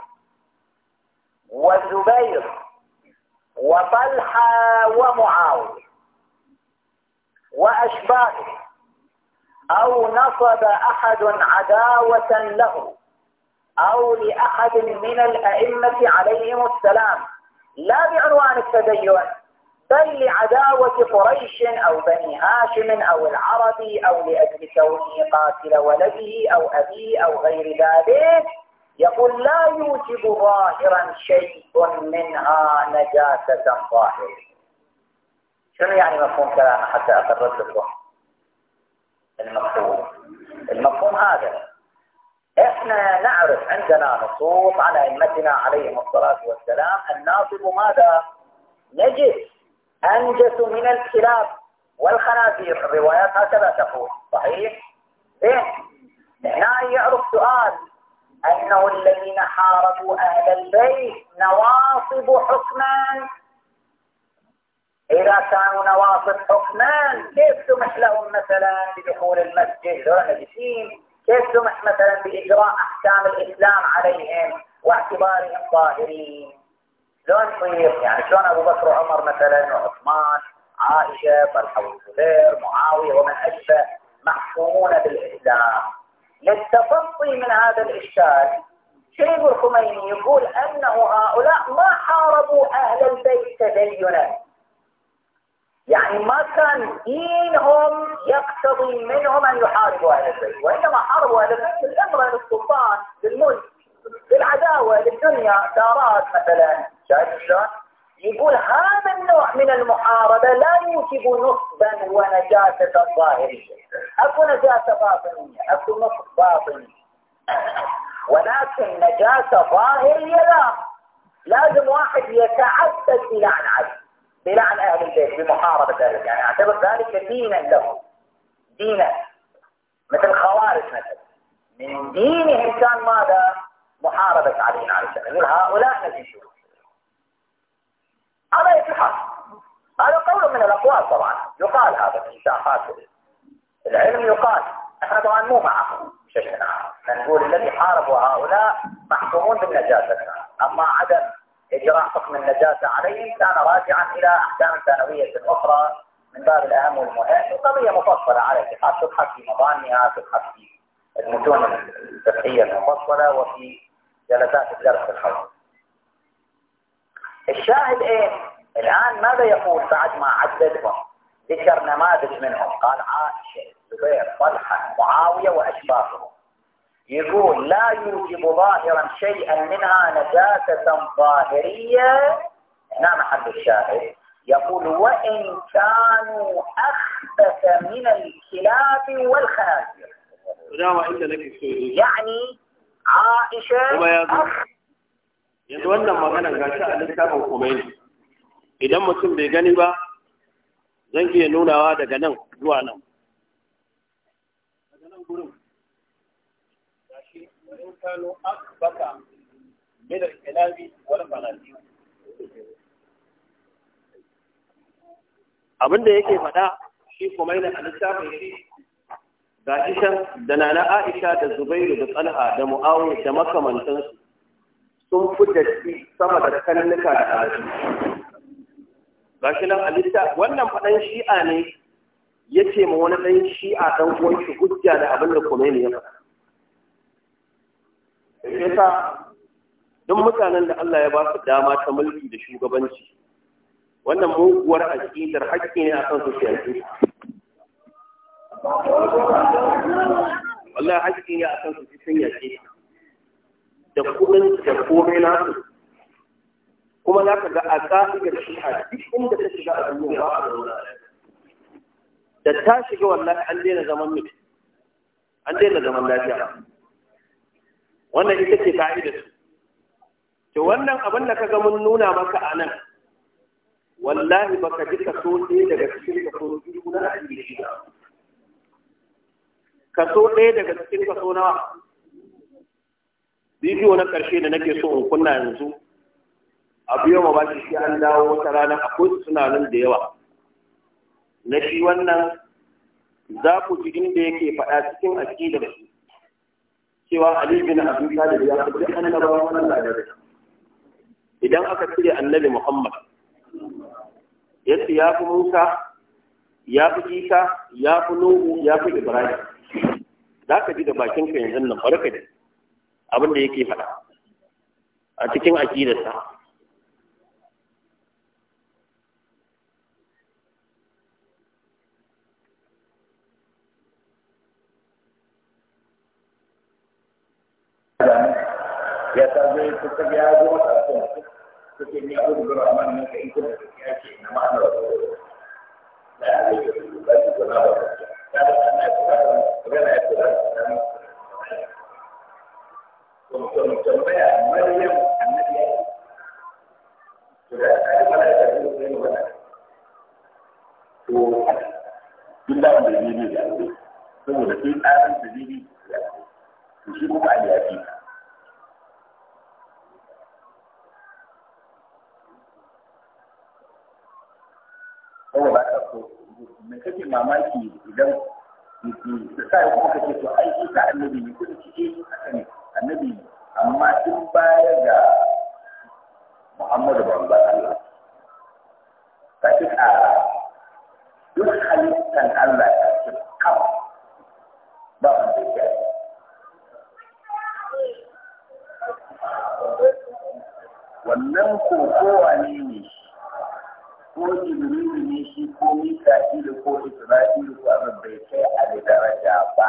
[SPEAKER 4] والزبير وطلحة ومعاوية
[SPEAKER 1] وأشباهه
[SPEAKER 4] أو نصب أحد عداوة له أو لأحد من الأئمة عليهم السلام لا بعنوان التدين بل لعداوة قريش أو بني هاشم أو العربي أو لأجل كونه قاتل ولده أو أبيه أو غير ذلك يقول لا يوجب ظاهرا شيء منها نجاسة ظاهرة شنو يعني مفهوم كلامه حتى أفرد لكم المفهوم المفهوم هذا احنا نعرف عندنا نصوص على ائمتنا عليهم الصلاه والسلام الناصب ماذا؟ نجس أنجس من الكلاب والخنازير الروايات هكذا تقول صحيح؟ إيه؟ هنا يعرف سؤال أنه الذين حاربوا أهل البيت نواصب حكما إذا كانوا نواصب حكما كيف سمح لهم مثلا بدخول المسجد دون كيف سمح مثلا بإجراء أحكام الإسلام عليهم واعتبارهم ظاهرين شلون يصير يعني شلون ابو بكر وعمر مثلا وعثمان عائشه طلحه والزبير معاويه ومن اشبه محكومون بالاسلام للتفصي من هذا الاشكال شيخ الخميني يقول انه هؤلاء ما حاربوا اهل البيت تدينا يعني ما كان دينهم يقتضي منهم ان يحاربوا اهل البيت وانما حاربوا اهل البيت بالامر للسلطان للملك للعداوه للدنيا دارات مثلا شايف شلون؟ يقول هذا النوع من المحاربة لا يوجب نصبا ونجاسة ظاهرية أكو نجاسة باطنية أكو نصب باطني ولكن نجاسة ظاهرية لا لازم واحد يتعبد بلعن عدل، بلعن أهل البيت بمحاربة أهل البيت يعني اعتبر ذلك دينا له دينا مثل خوارج مثلا من دينهم كان ماذا؟ محاربة علي بن علي يقول هؤلاء نجسون على أي حال هذا قول من الأقوال طبعا يقال هذا في ساحات العلم يقال احنا طبعا مو معهم بشكل عام نقول الذي حاربوا هؤلاء محكومون بالنجاسة أما عدم إجراء حكم النجاسة عليهم كان راجعا إلى أحكام ثانوية أخرى من باب الأهم والمهم وقضية مفصلة على اتحاد تبحث في مبانيها تبحث في المتون الفقهية المفصلة وفي جلسات الدرس الخاصة الشاهد ايه الان ماذا يقول بعد ما عددهم ذكر نماذج منهم قال عائشة زبير طلحة معاوية وأشباههم يقول لا يوجب ظاهرا شيئا منها نجاسة ظاهرية هنا محل الشاهد يقول وإن كانوا أخبث من الكلاب والخنازير يعني عائشة
[SPEAKER 2] yanzu wannan magana ga shi a littafin komai idan mutum bai gani ba zan iya nunawa daga nan zuwa nan daga nan gurin ga shi in akbaka bidar kilabi wal falati abin da yake faɗa shi kuma a littafin shi ga ishan da nana aisha da zubairu da tsalha da mu'awu da makamantansu sun fi datti sama da kannuka da ɗazu shi nan alista wannan faɗan shi'a ne ya ce ma wani ɗan shi'a ɗan uwan shi hujja da abin da ne ya faɗa sa, duk mutanen da Allah ya ba su dama ta mulki da shugabanci wannan muguwar aƙidar haƙƙi ne akan su shi wallahi haƙƙi ne akan su shi sun da kudin da komai nasu kuma za ka ga a shi a duk inda ta shiga a duniya ba a zauna da ta shiga wallahi an daina zaman mutu an daina zaman lafiya wannan ita ce ka'idar su to wannan abin da kaga mun nuna maka a nan wallahi baka ji ka so ɗaya daga cikin kaso biyu na addini ka so ɗaya daga cikin so nawa bidiyo na ƙarshe da nake so in kunna yanzu a biyo ma bashi shi an dawo wata rana akwai suna nan da yawa na shi wannan za ku ji inda yake faɗa cikin aƙidar su cewa Ali bin Abi ya fi duk annabawa wannan labarin idan aka cire annabi Muhammad yace ya fi Musa ya fi Isa ya fi Nuhu ya fi Ibrahim za ka ji da bakinka yanzu nan barka da abin da yake faɗa a cikin aƙidarsa
[SPEAKER 4] ya ta zai zo a kan ne ka in kuma ya ce na
[SPEAKER 3] da ya zai ya tambaya maryam annabi
[SPEAKER 1] ya da yi da da
[SPEAKER 4] kuma mamaki idan da sa kuma kake to ai isa annabi ne haka ne annabi amma tun baya ga Muhammadu Bamba Allah ta ci ƙara duk halittar Allah ta ci kawo ba da ya
[SPEAKER 1] wannan kokowa ne ne ko jibrilu ne shi ko mika'ilu ko isra'ilu ko abin bai kai a da daraja ba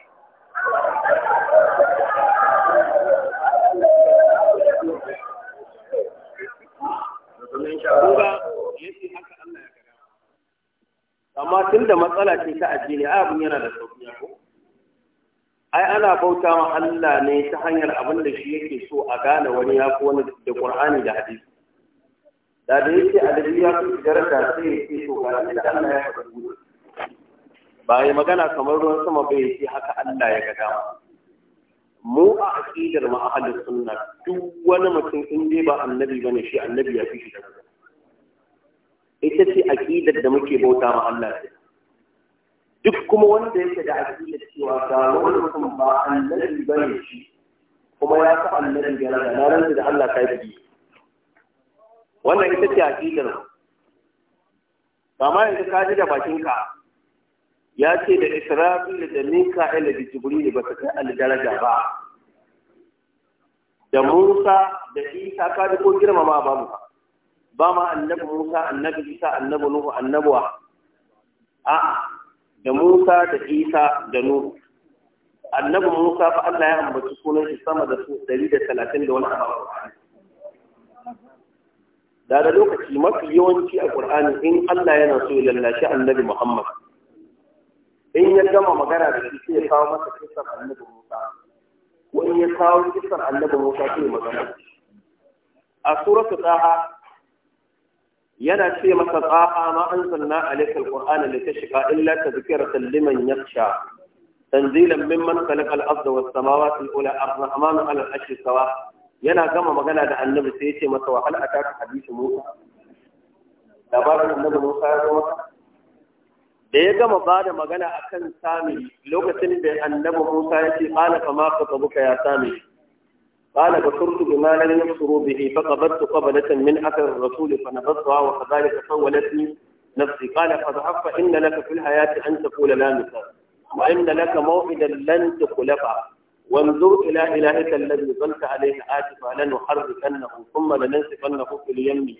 [SPEAKER 2] amma tun da matsala ce ta addini abin yana da sauki ko ai ana bauta ma Allah ne ta hanyar abin da shi yake so a gane wani ya fi wani da Qur'ani da hadisi da da yake adabi ya fi daraja sai yake so ga da Allah
[SPEAKER 3] ya faɗi
[SPEAKER 2] ba ya magana kamar ruwan sama bai yake haka Allah ya ga dama mu a aƙidar ma ahlus sunna duk wani mutum in dai ba annabi bane shi annabi ya fi shi ita ce aƙidar da muke bauta ma Allah ce duk kuma wanda yake da aƙidar cewa ga wani mutum ba annabi bane shi kuma ya fi annabi da na da Allah ta yi wannan ita ce aƙidar. ba ma yanzu ka ji da bakinka ya ce da Isra'il da Mika'il da Jibril ba ta kai aljaraja ba
[SPEAKER 3] da Musa
[SPEAKER 2] da Isa ka da ko girmama ba mu ba ma annabi Musa annabi Isa annabi Nuhu annabuwa a da Musa da Isa da Nuhu annabi Musa fa Allah ya ambaci sunan shi sama da su 130 da wani abu da da lokaci mafi yawanci a Qur'ani in Allah yana so ya lallashi annabi Muhammad in ya gama magana da shi sai ya kawo masa kisan annabi Musa in ya kawo kisan annabi Musa sai magana a suratu taha yana ce masa taha ma anzalna alayka alqur'ana litashqa illa tadhkiratan liman yakhsha tanzilan mimman khalaqa al-ardha was-samawati al-ula ar-rahman 'ala al-arshi sawa yana gama magana da annabi sai ya ce masa wa hal Musa ya da ya gama ba da magana a kan sami lokacin da annabi musa ya ce ƙala fa ma ka tabuka ya sami ƙala ba surtu bi malan ya bihi fa qabattu qabalatan min athar rasul fa nabattuha wa kadhalika sawwalatni nafsi ƙala fa dhahab inna laka fil hayati an taqula la misal wa inna laka maw'idan lan tukhlafa وانظر إلى إلهك الذي ظلت عليه آتفا لنحركنه ثم لننسفنه في اليم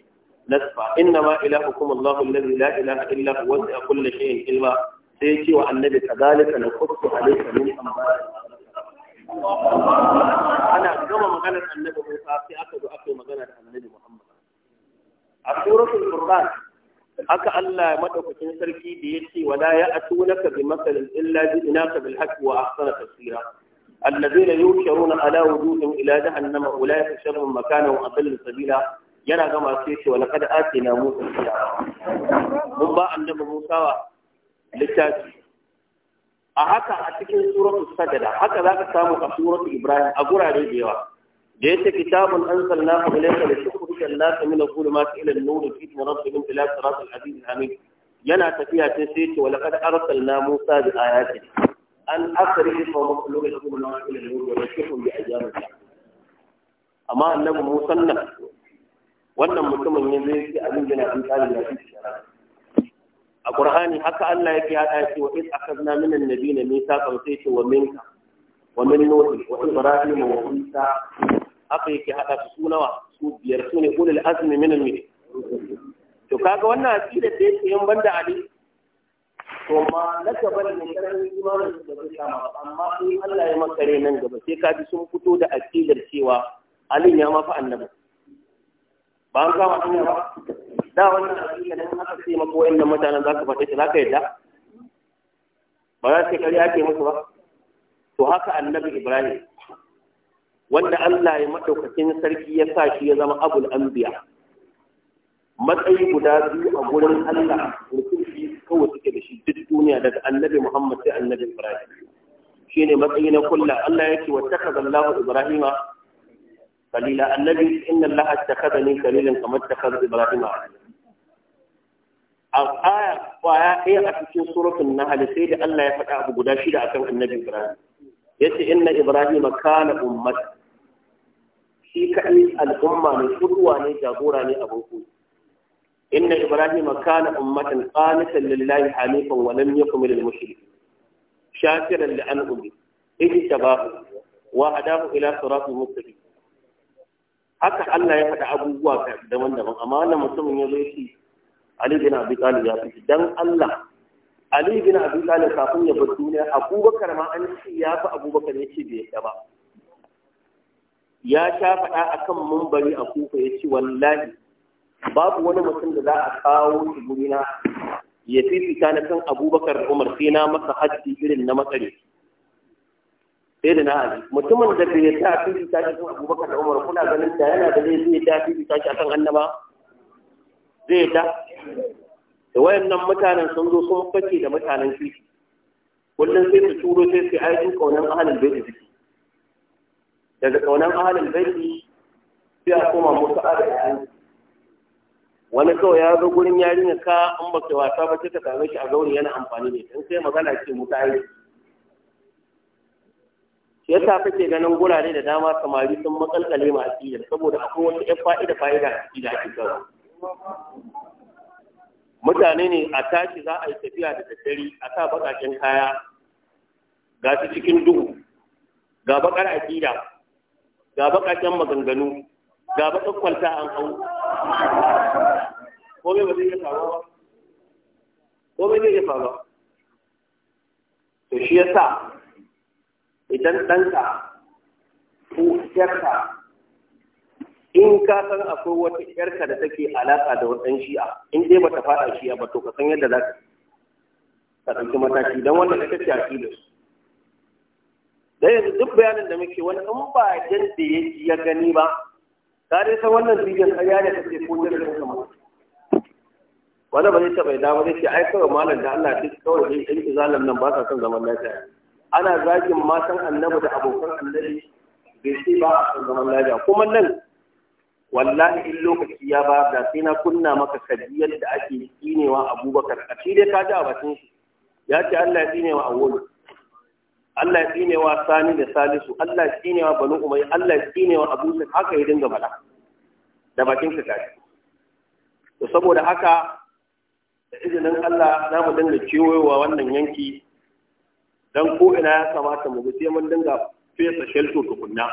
[SPEAKER 2] نسفا إنما إلهكم الله الذي لا إله إلا هو وسع كل شيء إلما سيتي وأنبي كذلك نخص عليك من أنا أقوم مغانا النبي موسى في أكد أكد مغانا النبي محمد أسورة القرآن أكا ألا مدوك تنسل كي بيتي ولا يأتونك بمثل إلا جئناك بالحق وأحسن تفسيرا الذين يوشرون على وجودهم إلى جهنم أولئك شر مكانه أقل سبيلا yana gama sai ce wani kada ake na musu musa mun ba an annabi musa wa littafi a haka a cikin suratul sajada haka za ka samu a suratul ibrahim a gurare da yawa da yace kitabun anzalnahu ilayka litukhrija an-nasa min al-zulumati ila an-nur bi idni rabbihim ila siratil aziz al-hamid yana tafiya ta sai ce wala kad arsalna musa bi ayati an asri fa maqlub al-qulub ila an-nur wa yakfum bi ayyamin amma annabi musa nan wannan mutumin ne zai ce abin da na fi tsari da fi a qur'ani haka Allah yake hada shi wa in akazna min an-nabiyina mithaqan sai ce wa minka wa min nuhi wa ibrahim wa isa haka yake hada su nawa su biyar su ne ulul azmi min al-mithaq to kaga wannan aqida da yake yan banda ali to ma na gaba ne karin imanin da bai sama amma in Allah ya makare nan gaba sai ka ji sun fito da aqidar cewa alin ya mafi annabi ba an kama hanya ba da wannan hakika da haka sai maka wayannan mutanen zaka fata shi ka yadda ba za ka kariya ke musu ba to haka annabi Ibrahim wanda Allah ya madaukakin sarki ya sa shi ya zama abul anbiya matsayi guda biyu a gurin Allah mutum shi kawai suke da shi duk duniya daga annabi Muhammad sai annabi Ibrahim shine matsayi na kullu Allah yake wa takazallahu Ibrahima kalila annabi inna allaha ittakhadani kalilan kama ittakhadha ibrahima a aya kwaya ɗaya a cikin suratul Nahali, sai da Allah ya faɗa abu guda shida akan annabi ibrahim yace inna ibrahima kana ummatan shi kaɗai al'umma ne kuduwa ne jagora ne abin koyi inna ibrahim kana ummatan qanitan lillahi hanifan wa lam yakun minal mushrikeen wa hadahu ila siratin mustaqim haka Allah ya faɗa abubuwa daban-daban amma wannan mutumin ya zai ce Ali bin Abi Talib ya fi dan Allah Ali bin Abi Talib kafin ya bar duniya Abubakar ma an ce ya fi Abubakar ya ce bai yadda ba ya sha faɗa akan mumbari a kufa ya ce wallahi babu wani mutum da za a kawo shi gurina ya fifita na kan Abubakar Umar sai na masa hajji irin na matsari sai da na'ali mutumin da bai yasa a fifi ta cikin abubakar da umar kuna ganin da yana da zai zai tafi fifi ta akan annaba zai ta da wayannan mutanen sun zo sun fake da mutanen fifi kullum sai su turo sai su aiki kaunan ahalin baiti suke daga kaunan ahalin baiti sai a koma musu ada yayin wani kawai ya zo gurin yarinya ka an baka wasa ba sai ta same shi a zaune yana amfani ne ita sai magana ce mutu aiki yasa kake ganin gurare da dama samari sun makalkale ma aƙida saboda akwai wata ƴan fa'ida fa'ida a ciki da ake kawo mutane ne a tashi za a yi tafiya da daddare a sa baƙaƙen kaya ga su cikin duhu ga baƙar aƙida ga baƙaƙen maganganu ga baƙar kwalta an hau komai ba zai iya faruwa komai zai iya faruwa to shi yasa idan ɗanka ko ƙyarka in ka san akwai wata ƴarka da take alaƙa da wata shi'a in dai bata faɗa shi'a ba to ka san yadda za ka ka ɗauki mataki don wanda ka ce aƙida su dan yanzu duk bayanin da muke wani in ba jan da ya ji ya gani ba ka dai san wannan bidiyon ya ne kake ko da kanka ma wanda ba zai taɓa yadda ba zai ce ai kawai malam da Allah duk kawai in ɗan izalan nan ba sa son zaman lafiya ana zagin matan annabi da abokan annabi bai sai ba a san zaman lafiya kuma nan wallahi in lokaci ya ba da sai na kunna maka kadiyar da ake tsinewa abubakar a shi dai ka ji a bakin shi ya ce Allah ya tsinewa awwalu Allah ya tsinewa sani da salisu Allah ya tsinewa banu umari Allah ya tsinewa abu haka ya dinga faɗa da bakin ka gashi to saboda haka da izinin Allah za mu dinga kewayowa wannan yanki dan ko ina ya kamata mu bi sai mun dinga fesa shelto tukunna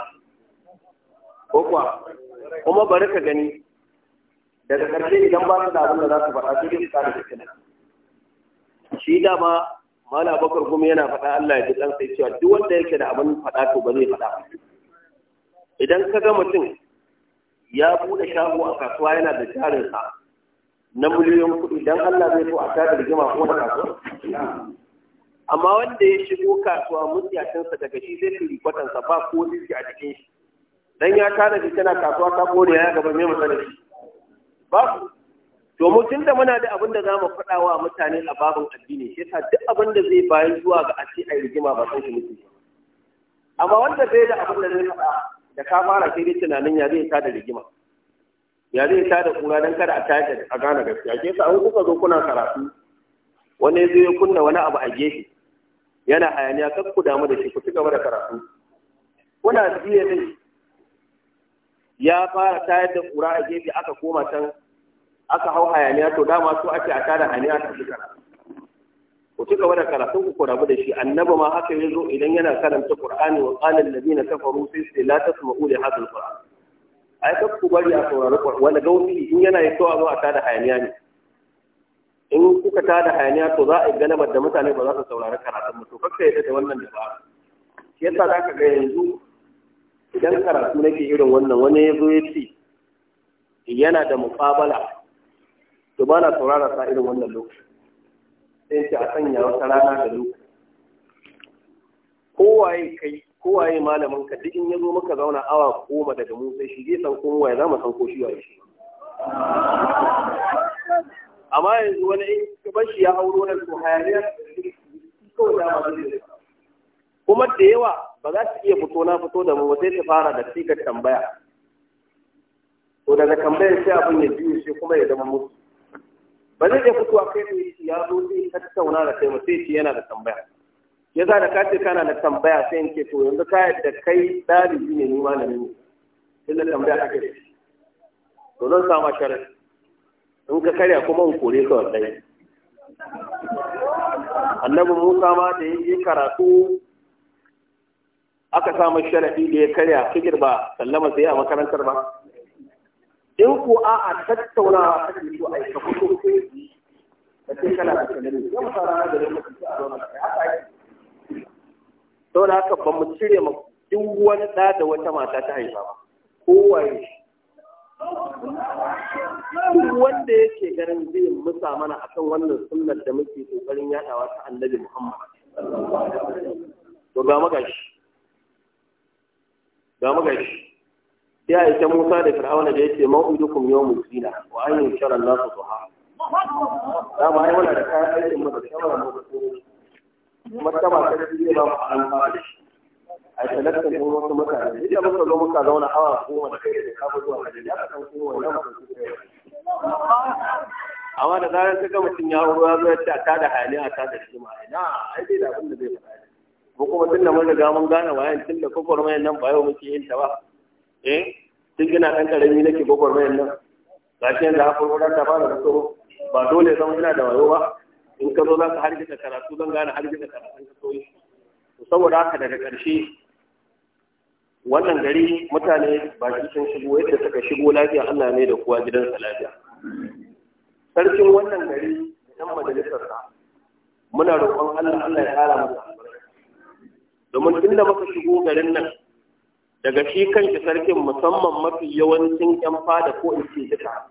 [SPEAKER 2] ko kuwa kuma bari ka gani daga karshe idan ba su da abin da za su faɗa sai dai su da kina shi da ma mala bakar kuma yana faɗa Allah ya ji ɗan sai cewa duk wanda yake da abin faɗa to ba zai faɗa idan ka ga mutum ya bude shago a kasuwa yana da jarinsa na miliyoyin kuɗi dan Allah zai so a tada rigima ko da kasuwa amma wanda ya shigo kasuwa mutiyacinsa daga shi zai turi kwatansa ba ko liji a cikin shi
[SPEAKER 3] dan ya tana da tana kasuwa ta kore ya gaba mai masana
[SPEAKER 2] shi babu domin tun da muna da abin da za mu faɗa wa mutane a babin addini shi yasa duk abin da zai bayan zuwa ga ace a rigima ba san shi mutum amma wanda bai da abin da zai faɗa da ka fara sai dai tunanin ya zai tada rigima ya zai tada kura dan kada a tada a gane gaskiya shi yasa an kuka zo kuna karatu wani zai kunna wani abu a gefe yana hayaniya kan ku damu da shi ku ci gaba da karatu kuna biye ne ya fara tayar da kura a gefe aka koma can aka hau hayaniya to dama su ake a tara hayaniya ta ci ku ci gaba da karatun ku rabu da shi annaba ma haka ya zo idan yana karanta qur'ani wa qala allazina kafaru sai sai la tasma'u li hadha alquran ai kar ku bari a saurari wani gauti, in yana yi to a zo a tada hayaniya ne in kuka tada hayaniya to za a yi da mutane ba za su saurari karatun mutu kakka yadda da wannan dabara shi yasa za ka ga yanzu idan karatu nake irin wannan wani ya zo ya ce yana da muƙabala to ba na saurara sa irin wannan lokaci sai ce a sanya wata rana da lokaci kowaye kai kowaye malamin ka duk in ya zo maka zauna awa goma daga mu sai shi zai san kowaye za mu san ko shi waye shi amma yanzu wani in ka shi ya auro nan to hayaniyar kawai da ba su. kuma da yawa ba za su iya fito na fito da mu sai ta fara da cikar tambaya to daga tambayar sai abin ya biyu sai kuma ya zama musu ba zai iya fitowa kai ne ya zo sai ta tattauna da kai sai ce yana da tambaya ya za da kace kana da tambaya sai in ce to yanzu ka yadda kai ɗalibi ne ni malami ne illa tambaya shi. to zan sama sharadi in ka karya kuma in kore ka wallahi annabi Musa ma da yake karatu aka samu sharadi da ya karya fikir ba sallama sai a makarantar ba in ku a a tattaunawa a ke so a yi ka da sai kana da kalmi ya da lokacin da a haka yi haka ba mu cire ma duk wani ɗa da wata mata ta haifa ba kowaye duk wanda yake ganin zai musa mana akan wannan sunnar da muke kokarin yadawa ta annabi Muhammad to ga magashi ga magashi ya ta Musa da Fir'auna da yake ma'udukum yawmul zina wa an yushara an-nasu duha
[SPEAKER 4] da ba ai wannan da
[SPEAKER 2] kayan aikin mu da shawara mu da kuma ta ba ta ba mu an fara da shi a talakkan ko wasu mutane duk da muka zo muka zauna awa goma da kai da kafa zuwa hajji ya san ko wannan mutum su kai amma da zaran kaga mutum ya horo ya zo ya ce da tada hayaniya a tada rigima ina ai bai da abin da zai faɗa ko kuma tun da mun riga mun gane wayan tun da gwagwarmayan nan ba yau muke yin ta ba eh tun gina ɗan ƙarami nake gwagwarmayan nan ga shi yanzu haka wurin ta fara fito ba dole zan ina da wayo ba in ka zo za ka hargitsa karatu zan gane hargitsa karatun ka so soyi saboda haka daga ƙarshe wannan gari mutane baki sun shigo yadda suka shigo lafiya Allah ne da kuwa gidansa lafiya sarkin wannan gari ɗan majalisarsa muna roƙon Allah Allah ya ƙara masa domin inda da muka shigo garin nan daga shi kanki sarkin musamman mafi yawancin ƴan fada ko in ce duka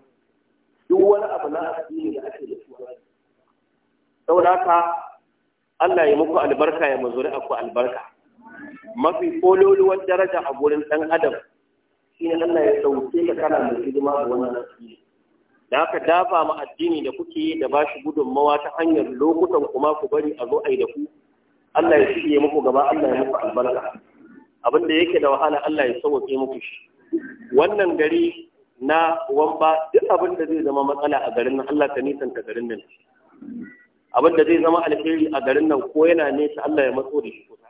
[SPEAKER 2] duk wani abu na addini da ake da su saboda haka Allah ya muku albarka ya mazuri aku albarka mafi kololuwar daraja a gurin ɗan adam shi ne Allah ya sauke ka kana mai hidima a wannan addini da haka dafa ma'addini addini da kuke yi da ba shi gudunmawa ta hanyar lokutan kuma ku bari a zo a yi da ku Allah ya shige muku gaba Allah ya muku albarka abin da yake da wahala Allah ya sauke muku shi wannan gari na wamba duk abin da zai zama matsala a garin nan Allah nisan ta garin nan abin da zai zama alheri a garin nan ko yana nesa Allah ya matso da shi ko ta.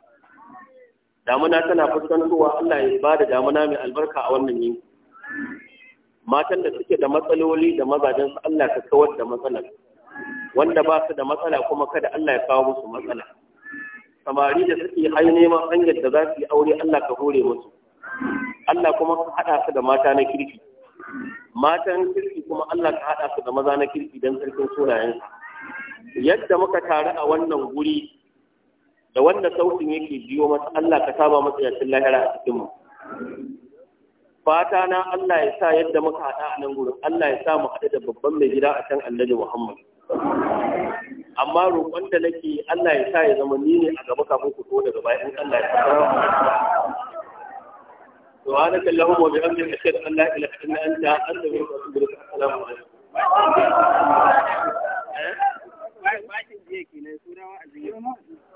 [SPEAKER 2] damuna tana fuskantowa Allah ya ba da damuna mai albarka a wannan yanki matan da suke da matsaloli da mazajen su Allah ka kawar da matsalar wanda ba su da matsala kuma kada Allah ya kawo musu matsala samari da suke hai neman hanyar da za su yi aure Allah ka hore musu Allah kuma ka haɗa su da mata na kirki matan kirki kuma Allah ka haɗa su da maza na kirki don sarkin sunayensa yadda muka taru a wannan guri da wanda sautin yake biyo masa Allah ka saba masa ya lahira a cikin mu fata na Allah ya sa yadda muka hada a nan gurin Allah ya sa mu haɗu da babban mai gida a can annabi Muhammad amma roƙon da nake Allah ya sa ya zama ni ne a gaba kafin ku to daga baya in Allah ya sa سبحانك اللهم وبحمدك اشهد ان لا اله الا انت استغفرك واتوب اليك السلام عليكم
[SPEAKER 1] Wai, wai, wai,